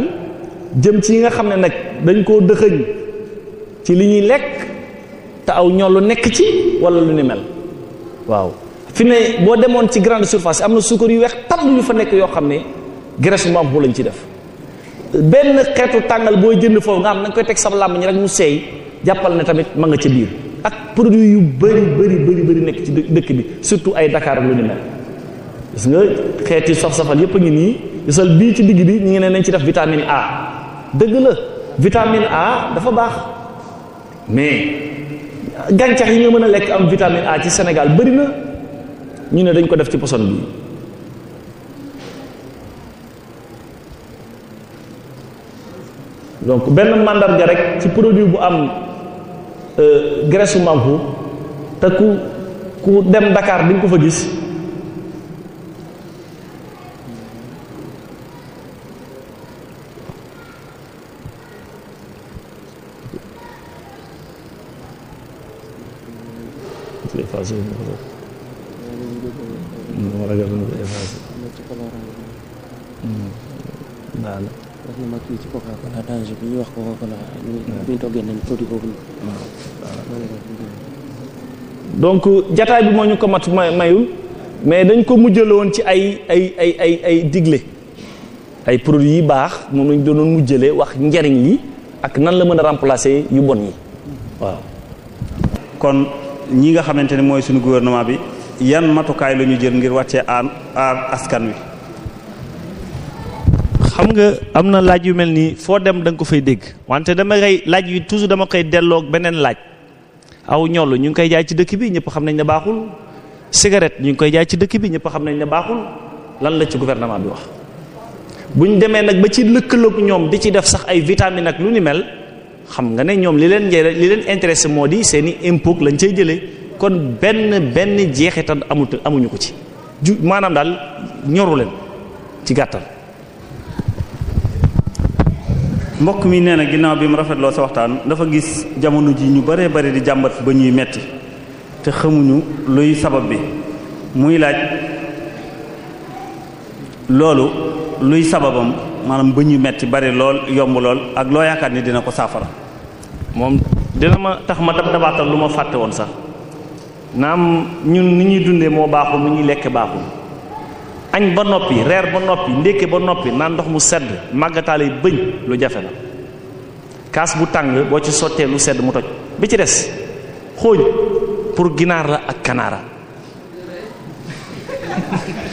jëm ci yi nga xam ne nag dañ koo dëxëñ ci li ñuy lekk te aw ñollu nekk ci wala lu ne mel waaw fi ne boo demoon ci grande surface am na suukar yu weex tàll yu fa nekk yoo xam ne graisse bu am lañ ci def benn xeetu tàngal booy jënd foofu nga xam na nga koy teg sab làmb ñi rek mu seey jàppal ne tamit ma nga ca biir ak produit yu bëri bëri bëri bëri nekk ci dëkk bi surtout ay Dakar lu ni mel gis nga xeeti saf-safal yépp a ngi nii gisal bii ci digg bi ñu ngi ne dañ ci def vitamine A dëgg la vitamine A dafa baax mais gàncax yi nga mën a lekk am vitamine A ci senegal bëri na ñu ne dañ ko def ci poson bi donc benn mandarga rek ci produit bu am Grèce manku te ku ku dem Dakar di nga fa gis daf na ma kii ci coca cola danger bi ñuy wax coca cola ñu ñu toggee nañ donc jataay bi moo ñu ko mat mayul mais dañ ko mujjale woon ci ay ay ay ay ay digle ay produits yi baax moom lañ doonoon mujjale wax njariñ yi ak nan la mën a remplacer yu bon yi waaw kon ñi nga xamante ne mooy suñu gouvernement bi yan matukaay la ñu jël ngir wàcce aar aar askan wi xam nga am na laaj yu mel nii foo dem da ko fay dégg wante dama koy laaj yi toujours dama koy delloo beneen laaj aw ñollu ñu ngi koy jaay ci dëkk bi ñëpp xam nañ ne baaxul cigarette ñu ngi koy jaay ci dëkk bi ñëpp xam nañ ne baaxul lan la ci gouvernement bi wax bu ñu demee nag ba ci lëkkaloog ñoom di ci def sax ay vitamine ak lu ni mel xam nga ne ñoom li leen njëriñ li leen intéressé moo di seeni impôt lañ cay jëlee kon benn benn jeexital amut amuñu ko ci maanaam daal ñoru leen ci gàttal mbokk mi nee na ginnaaw bi mu rafetloo sa waxtaan dafa gis jamono ji ñu baree bari di jàmbat ba ñuy metti te xamuñu luy sabab bi muy laaj loolu luy sababam maanaam ba ñuy metti bari lool yomb lool ak loo yaakaar ni dina ko saafara moom dina ma tax ma dab dabaatal lu ma fàtte woon sax naam ñun ni ñuy dundee moo baaxul mu ñuy lekke baaxul añ ba noppi reer ba noppi ndékke ba noppi naan ndox mu sedd màggataale bëñ lu jafe la kaas bu tàng boo ci sottee lu sedd mu toj bi ci des xooñ pour ginaar la ak kanaara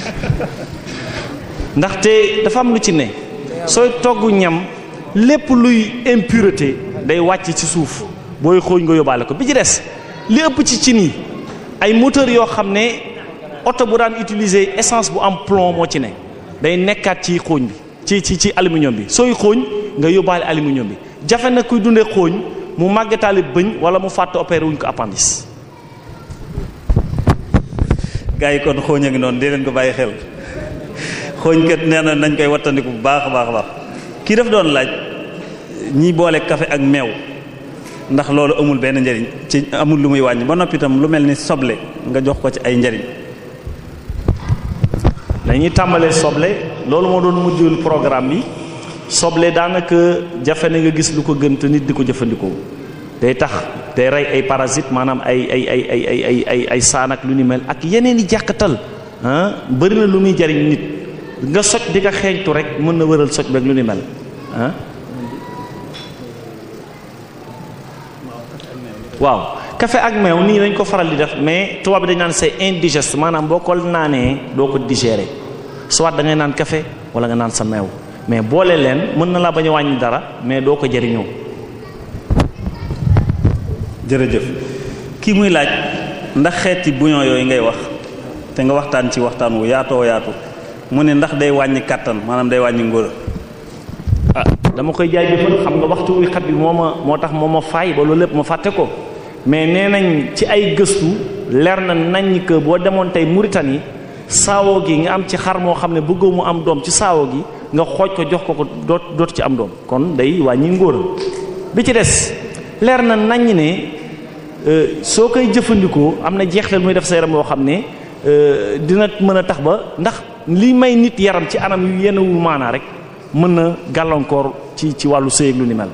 ndaxte dafa am lu ci ne sooy togg ñam lépp luy impureté day wàcc ci suuf booy xooñ nga yóbbaale ko bi ci des li ëpp ci cin yi ay moteur yoo xam ne oto bu daan utiliser essence bu am plomb moo ci ne day nekkaat ci xooñ bi ci ci ci aluminium bi sooy xooñ nga yóbbaale aluminium bi jafe na kuy dundee xooñ mu màggetaale bëñ wala mu fàtte opéré wuñ ko appendice. gars yi kon xooñ ngi noonu dee leen ko bàyyi xel xooñkat nee na nañ koy wattandiku bu baax a baax a baax kii daf doon laaj ñi boole kafe ak meew. ndax loolu amul benn njariñ ci amul lu muy wàññi ba noppi lu mel ni soble nga jox ko ci ay njariñ dañuy tàmbalee soble loolu moo doon mujjul programme bi soble daanaka jafe na nga gis lu ko gën te nit di ko jëfandikoo day tax day rey ay parasites maanaam ay ay ay ay ay ay ay ay saan ak lu ni mel ak yeneen i jàkkatal ah na lu muy jariñ nit nga soj di nga xeeñtu rek mën na wëral soj beeg lu ni mel ah. waaw café ak meew nii dañ ko faral di def mais tubaab bi dañ naan c'est indigeste maanaam boo ko naanee doo ko digérer. soit da naan kafe wala nga naan sa meew mais boole leen mën na laa bañ a wàññi dara mais doo ko jariñoo jërëjëf kii muy laaj ndax xeeti bouillon yooyu ngay wax te nga waxtaan ci waxtaan wu yaatoo yaatu mu ne ndax day wàññi kàttan maanaam day wàññi ngóor ah dama koy jaajëfal xam nga waxtu wi xat bi moo ma moo tax moo ma faay ba loolu lépp ma fàtte ko mais nee nañ ci ay gëstu leer na nañ que boo demoon tey muritan yi saawoo gi nga am ci xar moo xam ne bëggoo mu am doom ci saawo gi nga xooj ko jox ko ko doot doot ci am doom kon day wàññi ngóoram bi ci des leer na nañ ne euh, soo koy jëfandikoo am na jeexleel muy def sa yaram yoo xam ne euh, dina mën a tax ba ndax li may nit yaram ci anam yu yenewul maanaa rek mën na gàllankoor ci ci wàllu sëy ak lu ni mel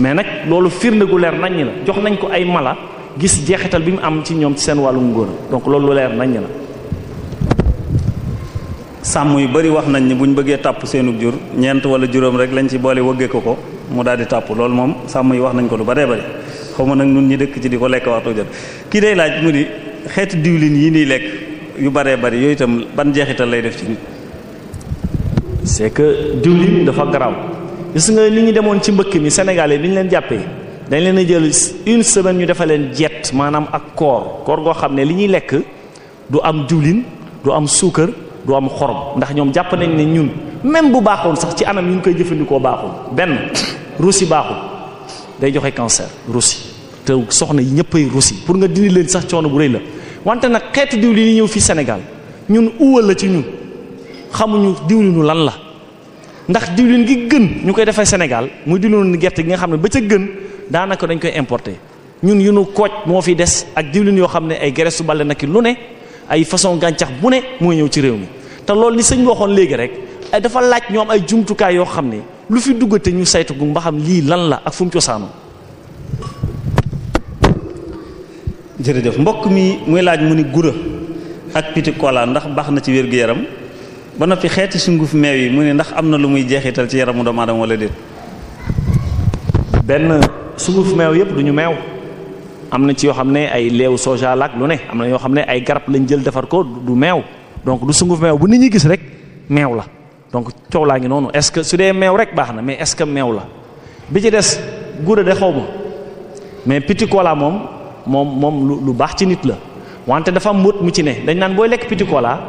mais nag loolu firnde gu leer nañ ñi la jox nañ ko ay mala gis jeexital bi mu am ci ñoom ci seen wàllu ngóoram donc loolu leer nañ sàmm yu bari wax nañ ni bu ñu bëggee tàpp seenug jur ñeent wala juróom rek lañ ci boole wëggee ko ko mu daal tàpp loolu moom sàmm yi wax nañ ko lu bare bari xaw ma nag nun ñi dëkk ci di ko lekk waxtu jot kii dey laaj mu ni xeeti diwlin yi nii lekk yu baree bari yooyu itam ban jeexital lay def ci nit. c'est que diwlin dafa garaaw gis nga ni ñu demoon ci mbëkk mi Sénégalais bi ñu leen jàppee dañ leen a jël une semaine ñu defal leen jet maanaam ak koor koor goo xam ne li ñuy lekk du am diwlin du am suukar. du am xorom ndax ñoom jàpp nañ ne ñun même bu baaxoon sax ci anam ñu koy jëfandikoo baaxul benn roussi baaxul day joxe cancer roussi te soxna yi ñëppay roussi pour nga dindi leen sax coono bu rëy la wante nag xeetu diwlin yi ñëw fii senegal ñun uwal la ci ñun xamuñu diwlinu lan la ndax diwlin gi gën ñu koy defee Sénégal muy diwlinu gerte gi nga xam ne ba ca gën daanaka dañ koy importer ñun yu nu kooj moo fi des ak diwlin yoo xam ne ay graisse su bale na ki lu ne. ay façon gàncax bu ne mooy ñëw ci réew mi te loolu ni sëñ waxoon léegi rek dafa laaj ñoom ay jumtukaay yoo xam ne lu fi duggate ñu saytu gu mbaxam lii lan la ak fum mu jërëjëf mbokk mi muy laaj mu ni gura ak piti ndax baax na ci wér-gu-yaram ba noppi xeeti sunguf meew yi mu ne ndax am na lu muy jeexital ci yaramu doomu aadama wala déet benn sunguf meew yépp duñu meew am na ci yoo xam ne ay leew soja laak lu ne am na yoo xam ne ay garab lañ jël defar ko du meew donc du sunguf meew bu nit ñi gis rek meew la donc coow laa ngi noonu est ce que su dee meew rek baax na mais est que meew la bi ci des gudda de xaw mais petit cola moom moom moom lu baax ci nit la wante dafa mbóot mu ci ne dañ naan booy lekk petit cola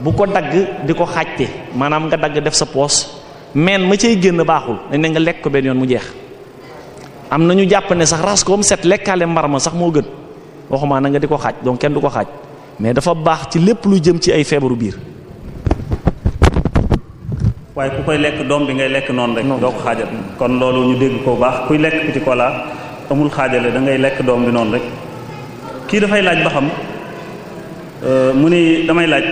bu ko dagg di ko xaajte maanaam nga dagg def sa poos meen ma cay génn baaxul dañ ne nga lekk ko benn yoon mu jeex am na ñu jàpp ne sax ras koom set lekkaale mbar ma sax moo gën waxumaa na nga di ko xaaj donc kenn du ko xaaj mais dafa baax ci lépp lu jëm ci ay feebaru biir. waaye ku koy lekk doom bi ngay lekk noonu rek. doo ko xaajal kon loolu ñu dégg ko baax kuy lekk petit cola amul xaajale da ngay lekk doom bi noonu rek kii dafay laaj ba xam euh, mu ni damay laaj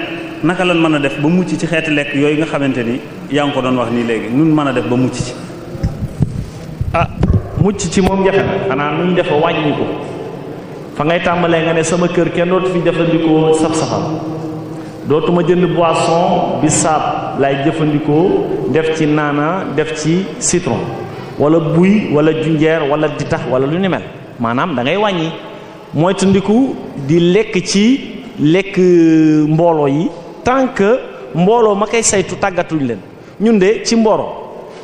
naka lan mën a def ba mucc ci xeeti lekk yooyu nga xamante ni yaa ngi ko doon wax nii léegi nun mën a def ba mucc ci ah, mucc ci moom jafe na xanaa nuñ defa wàññi ko fa ngay tàmbalee nga ne sama kër kenn dootu fi jëfandikoo saf-safal dootuma jënd boisson bi saab lay jëfandikoo def ci naana def ci citron wala buy wala junjeer wala ditax wala lu ni maanaam da ngay wàññi mooy di lekk ci lekk mbooloo yi tant que mbooloo ma koy saytu tàggatuñ leen ñun de ci mbooloo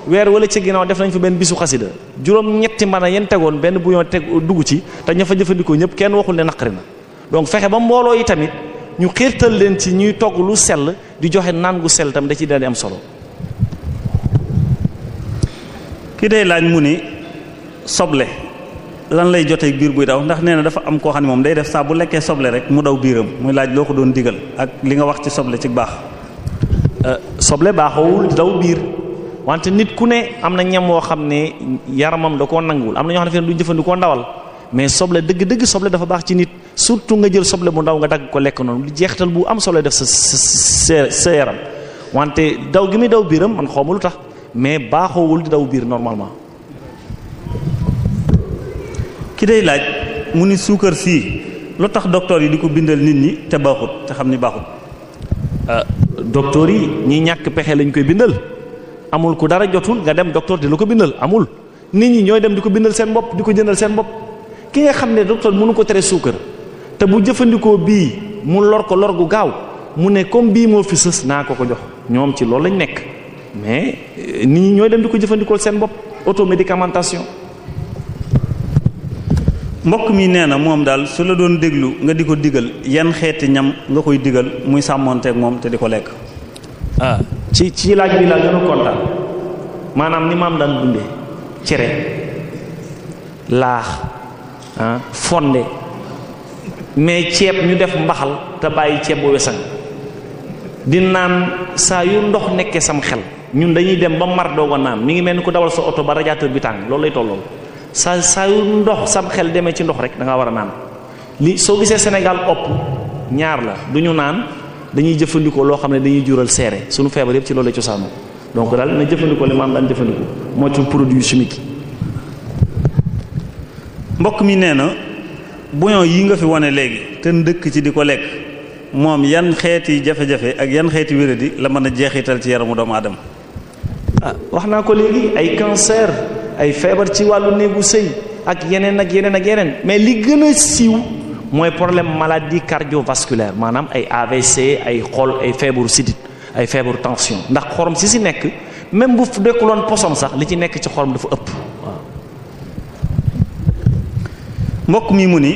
weer wala ci ginnaaw def nañ fa benn bisu xasida juróom ñetti mën a yen tegoon benn bu ñoo teg dugg ci te ña fa jëfandikoo ñëpp kenn waxul ne naqari na donc fexe ba mbooloo yi tamit ñu xiirtal leen ci ñuy togg lu sel di joxe naan gu sell tam da ciy daan am solo. ki day laaj mu ni soble lan lay jotee biir buy daw ndax nee na dafa am koo xam ne moom day def saa bu lekkee soble rek mu daw biiram muy laaj loo ko doon digal ak li nga wax ci soble ci baax. Euh, soble baaxawul daw biir. wante nit ku ne am na ñam woo xam ne yaramam da koo nanguwul am na ñoo xam ne fi ne du jëfandikoo ndawal mais soble dëgg-dëgg soble dafa baax ci nit surtout nga jël soble bu ndaw nga dagg ko lekk noonu lu jeextal bu am soble def sa sa sa yaram wante daw gi muy daw biiram man xawma lu tax mais baaxoowul di daw biir normalement. ki day laaj mu ni suukar sii lu tax docteur yi di ko bindal nit ñi te baaxut te xam ni baaxut. Ah, docteur yi ñi ñàkk pexe lañ koy bindal. amul ku dara jotul nga dem docteur di lu ko bindal amul nit ñi ñooy dem di ko bindal seen bopp di ko jëndal seen bopp ki nga xam ne docteur mënu ko tere suukar te bu jëfandikoo bii mu lor ko lor gu gaaw mu ne comme bii moo fi sës naa ko ko jox ñoom ci loolu lañ nekk mais euh, nit ñi ñooy dem di ko jëfandikool seen bopp automédicamentation. mbokk mi nee na moom daal su la doon déglu nga di ko digal yan xeeti ñam nga koy digal muy sàmmonteeg moom te di ko lekk ah. ci ci laaj bi laa gën a kontaan maanaam ni maam daan dunde cere laax ah fonde mais ceeb ñu def mbaxal te bàyyi ceeb bu wesan di naan saa yu ndox nekkee sam xel ñun dañuy dem ba mar doo ko naan mi ngi mel ni ko dawal sa oto ba radiateur bi tàng loolu lay tollool saa saa yu ndox sam xel demee ci ndox rek danga war a naan li soo gisee Sénégal opp ñaar la du naan dañuy jëfandikoo loo xam ne dañuy jural seere sunu feebar yëpp ci loolu la cosaanoo donc daal na jëfandikoo li maam daan jëfandikoo moytu produit chimique mbokk mi nee na bouillon yi nga fi wane léegi te ndëkk ci di ko lekk moom yan xeeti jafe-jafe ak yan xeeti wéradi la mën a jeexital ci yaramu doomu aadama ah, wax naa ko léegi ay cancer ay feebar ci wàllu néegu sëy ak yeneen ak yeneen ak yeneen mais li gën a siiw mooy problème maladie cardiovasculaire maanaam ay AVC ay xol ay feebaru sidit ay feebaru tension ndax xorom si si nekk même bu dekkuloon posom sax li ci nekk ci xorom dafa ëpp mbokk mi mu ni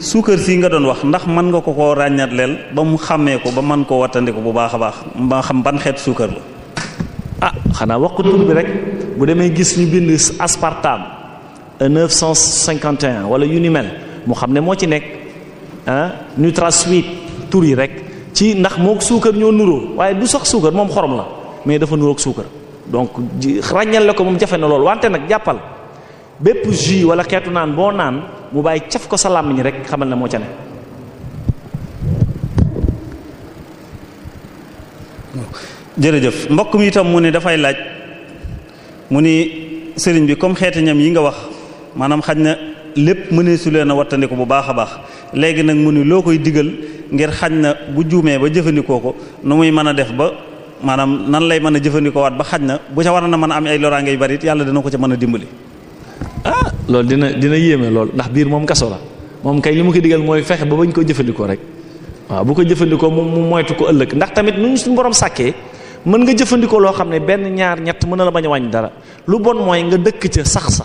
suukar fii nga doon wax ndax mën nga ko ko ràññat leel ba mu xàmmee ko ba mën koo wattandiku bu baax a baax ba xam ban xeet suukar la ah xanaa wax ko rek bu demee gis ñu bind aspartame 951 e wala yu ni mel mu xam ne moo ci nekk ah NutraSweet tur yi rek ci ndax moog suukar ñoo nuroo waaye du sax suukar moom xorom la mais dafa nuróog suukar donc ràññal la ko moom jafe na lool wante nag jàppal bépp wala xeetu naan boo naan mu bàyyi caf ko sa làmmiñ rek xamal ne moo ca ne. jërëjëf mbokk mi itam mu ne dafay laaj mu ni sëriñ bi comme xeeti ñam yi nga wax maanaam xaj na lépp mënee su leen a wattandiku bu baax a baax léegi nag mu ni loo koy digal ngir xaj na bu juumee ba jëfandikoo ko nu muy mën a def ba maanaam nan lay mën a jëfandikoo waat ba xaj na bu ca war na mën a am loraange yu bari it yàlla dina ko ca mën a dimbali. ah loolu dina dina yéeme lool ndax biir moom kaso la moom kay li mu ko digal mooy fexe ba bañ ko jëfandikoo rek waaw bu ko jëfandikoo mu moytu ko ëllëg ndax tamit nu ñu borom sàkkee mën nga jëfandikoo loo xam ne benn ñaar ñett mën na la bañ a wàññi dara lu bon mooy nga dëkk ca sax sa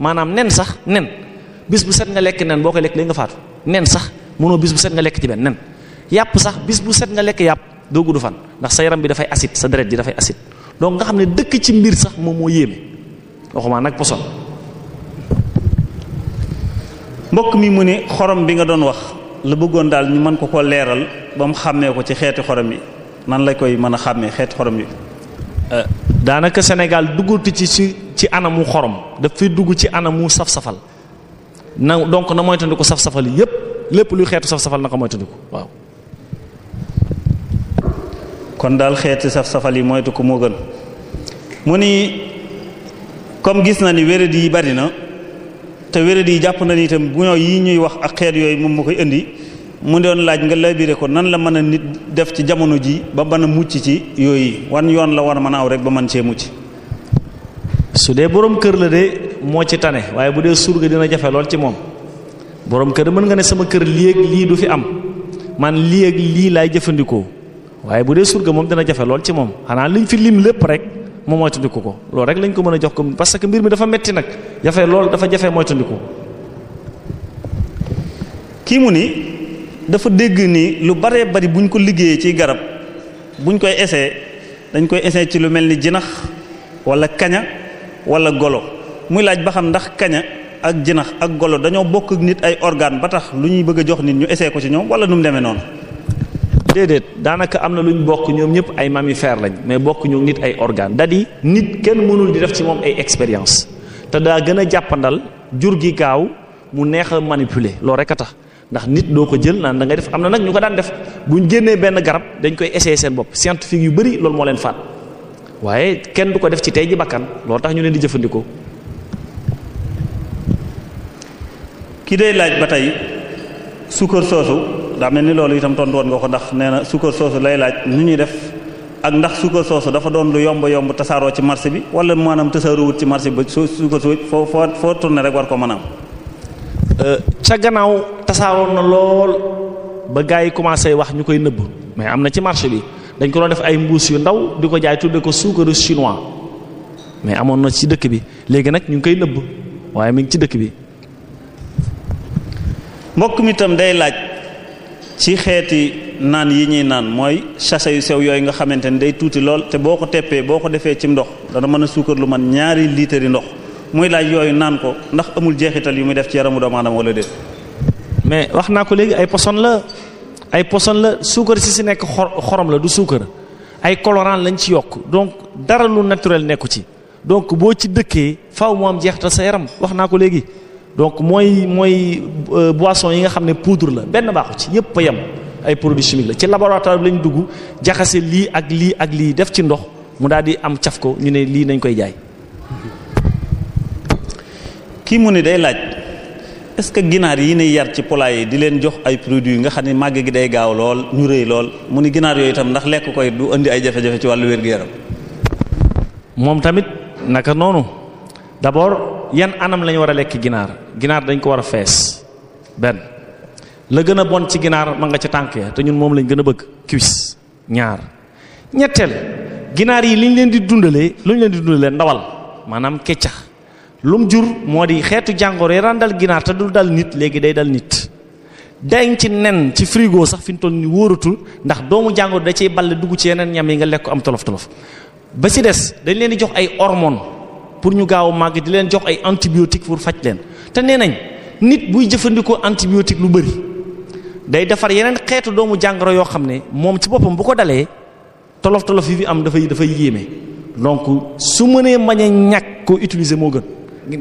maanaam nen sax nen. bis bu set nga lekk nen boo koy lekk léegi nga faatu nen sax mënoo bis bu set nga lekk ci benn nen yàpp sax bis bu set nga lekk yàpp doo gudd fan ndax sa yaram bi dafay acide sa deret ji dafay acide donc nga xam ne dëkk ci mbir sax moom moo yéeme waxumaa nag poson mbokk mi mu ne xorom bi nga doon wax la bëggoon daal ñu mën ko ko leeral ba mu xàmmee ko ci xeeti xorom yi nan la koy mën a xàmmee xeeti xorom yi euh, daanaka Sénégal duggatu ci ci ci anamu xorom daf fi dugg ci anamu saf-safal na donc na moytandiku saf-safal yépp lépp luy xeetu saf-safal na ko moytandiku waaw. kon daal xeeti saf-safal yi moytu ko moo gën mu ni comme gis na ni wéradi yi bari na te wéradi yi jàpp na ni itam bu ñoo yi ñuy wax ak xeet yooyu moom mu koy indi mu doon laaj nga labiré ko nan la mën a nit def ci jamono ji ba mën a mucc ci yooyu wan yoon la war a mën a aw rek ba mën cee mucc. su dee borom kër la de moo ci tane waaye bu dee surga dina jafe lool ci moom boroom kër mën nga ne sama kër lii ak lii du fi am man lii ak lii laay jëfandikoo waaye bu dee surga moom dina jafe lool ci moom xanaa liñ fi lim lépp rek mu moytandiku ko loolu rek lañ ko mën a jox ko parce que mbir mi dafa metti nag jafe lool dafa jafe moytandiku. kii mu ni dafa dégg nii lu baree bari buñ ko liggéeyee ci garab buñ koy essayé dañ koy essayé ci lu mel ni jinax walla kaña wala golo muy laaj ba xam ndax kaña ak jinax ak golo dañoo bokk nit ay organe ba tax lu ñuy bëgg a jox nit ñu essayé ko ci ñoom wala nu mu demee noonu. déedéet daanaka am na lu ñu bokk ñëpp ay mammifères lañ mais bokk ñu nit ay organe da di nit kenn mënul di def ci moom ay expérience te daa gën a jàppandal jur gi gaaw mu neex a manipuler loolu rek a tax ndax nit doo ko jël naan da ngay def am na nag ñu ko daan def bu ñu génnee benn garab dañ koy essayé seen bopp scientifique yu bari loolu moo leen faat waaye kenn du ko def ci tey ji bakkan loolu tax ñu leen di jëfandikoo. kii day laaj ba tey sukkar soosu daa mel ni loolu itam tontu woon nga ko ndax nee na sukkar soosu lay laaj nu ñuy def ak ndax sukkar soosu dafa doon lu yomb yomb tasaaroo ci marché bi wala maanaam tasaaroowut ci marché bi su sukkar soo foo foo foo tourné rek war ko mën euh, ca gannaaw tasaaroon na lool ba gars yi commencé wax ñu koy nëbb mais am na ci marché bi dañ ko doon def ay mbuus yu ndaw di ko jaay tudde ko suukaru chinois mais amoon na ci dëkk bi léegi nag ñu ngi koy nëbb waaye mi ngi ci dëkk bi. mbokk mi itam day laaj ci xeeti naan yi ñuy naan mooy sachet yu sew yooyu nga xamante ni day tuuti lool te boo ko teppee boo ko defee ci ndox dana mën a suukar lu man ñaari litre yi ndox muy laaj yooyu naan ko ndax amul jeexital yu mu def ci yaramu doomu aadama wala déet. mais wax naa ko léegi ay poson la ay poson la suukar si si nekk xorom la du suukar ay colorant lañ ci yokk donc dara lu naturel nekku ci donc boo ci dëkkee faw mu am jeexital sa yaram wax naa ko léegi. donc mooy mooy euh, boisson yi nga xam ne poudre la benn baaxu ci yépp a yem ay produit chimique la ci laboratoire bi lañ dugg jaxase lii ak lii ak lii def ci ndox mu daal di am caf ko ñu ne lii nañ koy jaay. kii mu ne day laaj est-ce que ginaar yi ne yar ci poulailler yi di leen jox ay produits nga xam ne màgg gi day gaaw lool ñu rëy lool mu ni ginaar yooyu itam ndax lekk koy du indi ay jafe-jafe ci wàllu wér-gu-yaram. moom tamit naka noonu. d'abord yan anam lañu war a lekk ginaar ginaar dañ ko war a fees benn la gën a bon ci ginaar ma nga ca tànk ya te ñun moom lañ gën a bëgg cuisse ñaar ñetteel ginaar yi liñ leen di dundalee luñ leen di dundalee ndawal maanaam keccax lum jur moo di xeetu jàngoro yi dal ginaar te du dal nit léegi day dal nit dañ ci nen ci frigo sax fi ñu toll ni wóoratul ndax doomu jàngoro da ciy balle dugg ci yeneen ñam yi nga lekk am tolof tolof ba ci des dañ leen di jox ay hormones pour ñu gaaw màgg di leen jox ay antibiotiques pour faj leen te nee nañ nit buy jëfandikoo antibiotique lu bëri day defar yeneen xeetu doomu jàngaro yoo xam ne moom ci boppam bu ko dalee tolof tolof yi bi am dafay dafay yéeme donc su mënee mañ a ñàkk koo moo gën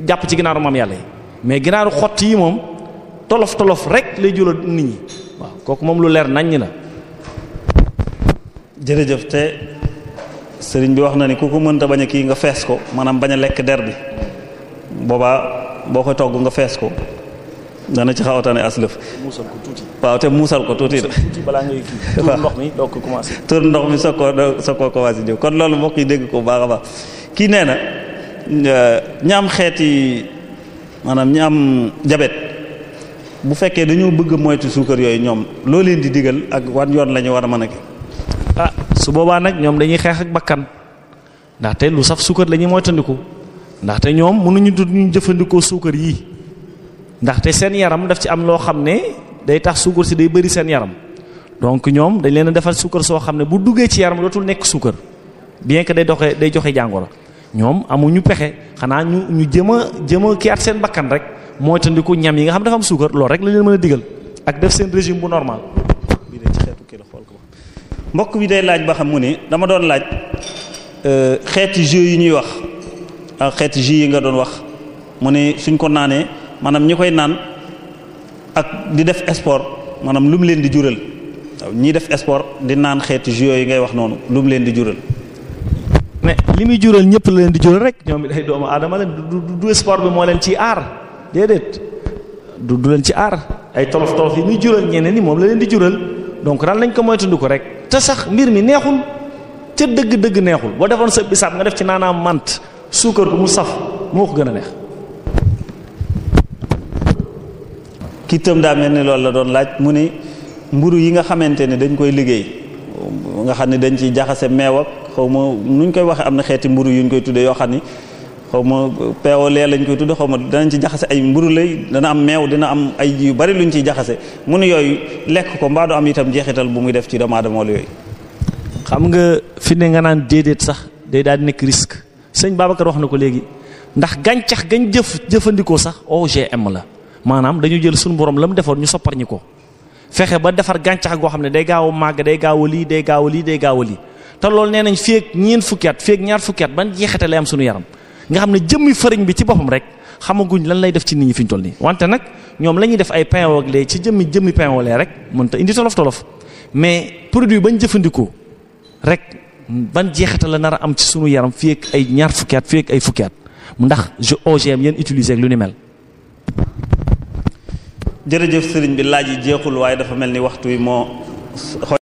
jàpp ci ginaaru maam yàlla yi mais ginaaru xotti yi moom tolof tolof rek lay jural nit ñi waaw kooku moom lu leer naññ la. jërëjëf te. sëriñ bi wax na ni ku ko mënta bañ a kii nga fees ko maanaam bañ a lekk der bi boobaa boo ko togg nga fees ko dana ci xawatane aslëf muusal waaw te muusal ko tuuti balaa ngay tur ndox mi doog ko commencé ndox mi soog koo soog koo commencé kon loolu mbokk yi dégg ko baax baax kii nee na euh, ñaam xeeti maanaam ñaam jabet bu fekkee dañoo bëgg moytu suukar yooyu ñoom loo leen di digal ak wan yoon la war a mën a ah su boobaa nag ñoom dañuy xeex ak bakkan ndaxte lu saf suukar la ñuy moytandiku ndaxte ñoom mënuñu dut ñu jëfandikoo suukar yii ndaxte seen yaram daf ci am loo xam ne day tax suukar si day bëri seen yaram donc ñoom dañ leen a defal suukar soo xam ne bu duggee ci yaram dootul nekk suukar bien que day doxe day joxe jàngoro ñoom amuñu pexe xanaa ñu ñu jëm a jëm a kiyaat seen bakkan rek moytandiku ñam yi nga xam dafa am suukar loolu rek la leen mën a digal ak def seen régime bu normal. mbokk bi day laaj ba xam mu ne dama doon laaj euh, xeeti jus yi ñuy wax ak xeeti jus yi nga doon wax mu ne suñ ko naanee maanaam ñi koy naan ak di def sport maanaam lu mu leen di jural waaw ñiy def sport di naan xeeti jus yooyu ngay wax noonu lu mu leen di jural. mais li muy jural ñëpp la leen di jural rek ñoom bi ay doomu aadama leen du du sport bi moo leen ci aar déedéet du du leen ci aar ay tolof tolof yi muy jural ñeneen ni moom la leen di jural donc daal nañ ko moytandiku rek. te sax mbir mi neexul ca dëgg-dëgg neexul boo defoon sa bisaab nga def ci naanaa mant suukar bu mu saf moo ko gën a neex ki tëm daa mel ni loolu la doon laaj mu ni mburu yi nga xamante ne dañ koy liggéey nga xam ne dañ ciy jaxase meew ak xaw ma nuñ koy waxe am na xeeti mburu yu ñu koy tuddee yoo xam ni xaw ma POLE lañ koy tudd xaw ma danañ ci jaxase ay mburu lay dana meew dina am ay yu bari luñ ciy jaxase mu yooyu lekk ko mbaa itam jeexital bu muy def ci doomu aadama xam nga fi ne nga naan déedéet sax day daal nekk risque sëñ Babacar wax na ko léegi ndax gàncax gañ jëf jëfandikoo sax OGM la maanaam dañu jël suñu borom la mu defoon ñu sopparñi ko fexe ba defar gàncax goo xam ne day gaaw a màgg day gaaw a lii day gaaw a lii day gaaw a te loolu nee nañ fii ak ñeent fukki at fii ñaar fukki at ban jeexite lay am suñu yaram nga xam ne jëmmi fëriñ bi ci boppam rek xamaguñ lan lay def ci nit ñi fi toll nii wante nag ñoom lañuy def ay pain ak lait ci jëmmi jëmmi pain au rek mën ta indi tolof tolof mais produit bañ jëfandikoo rek ban jeexatal la nar am ci sunu yaram fii ak ay ñaar fukki at fii ak ay fukki at ndax je OGM yéen utiliser ak lu ni mel. jërëjëf sëriñ bi laaj yi jeexul waaye dafa mel ni waxtu wi moo.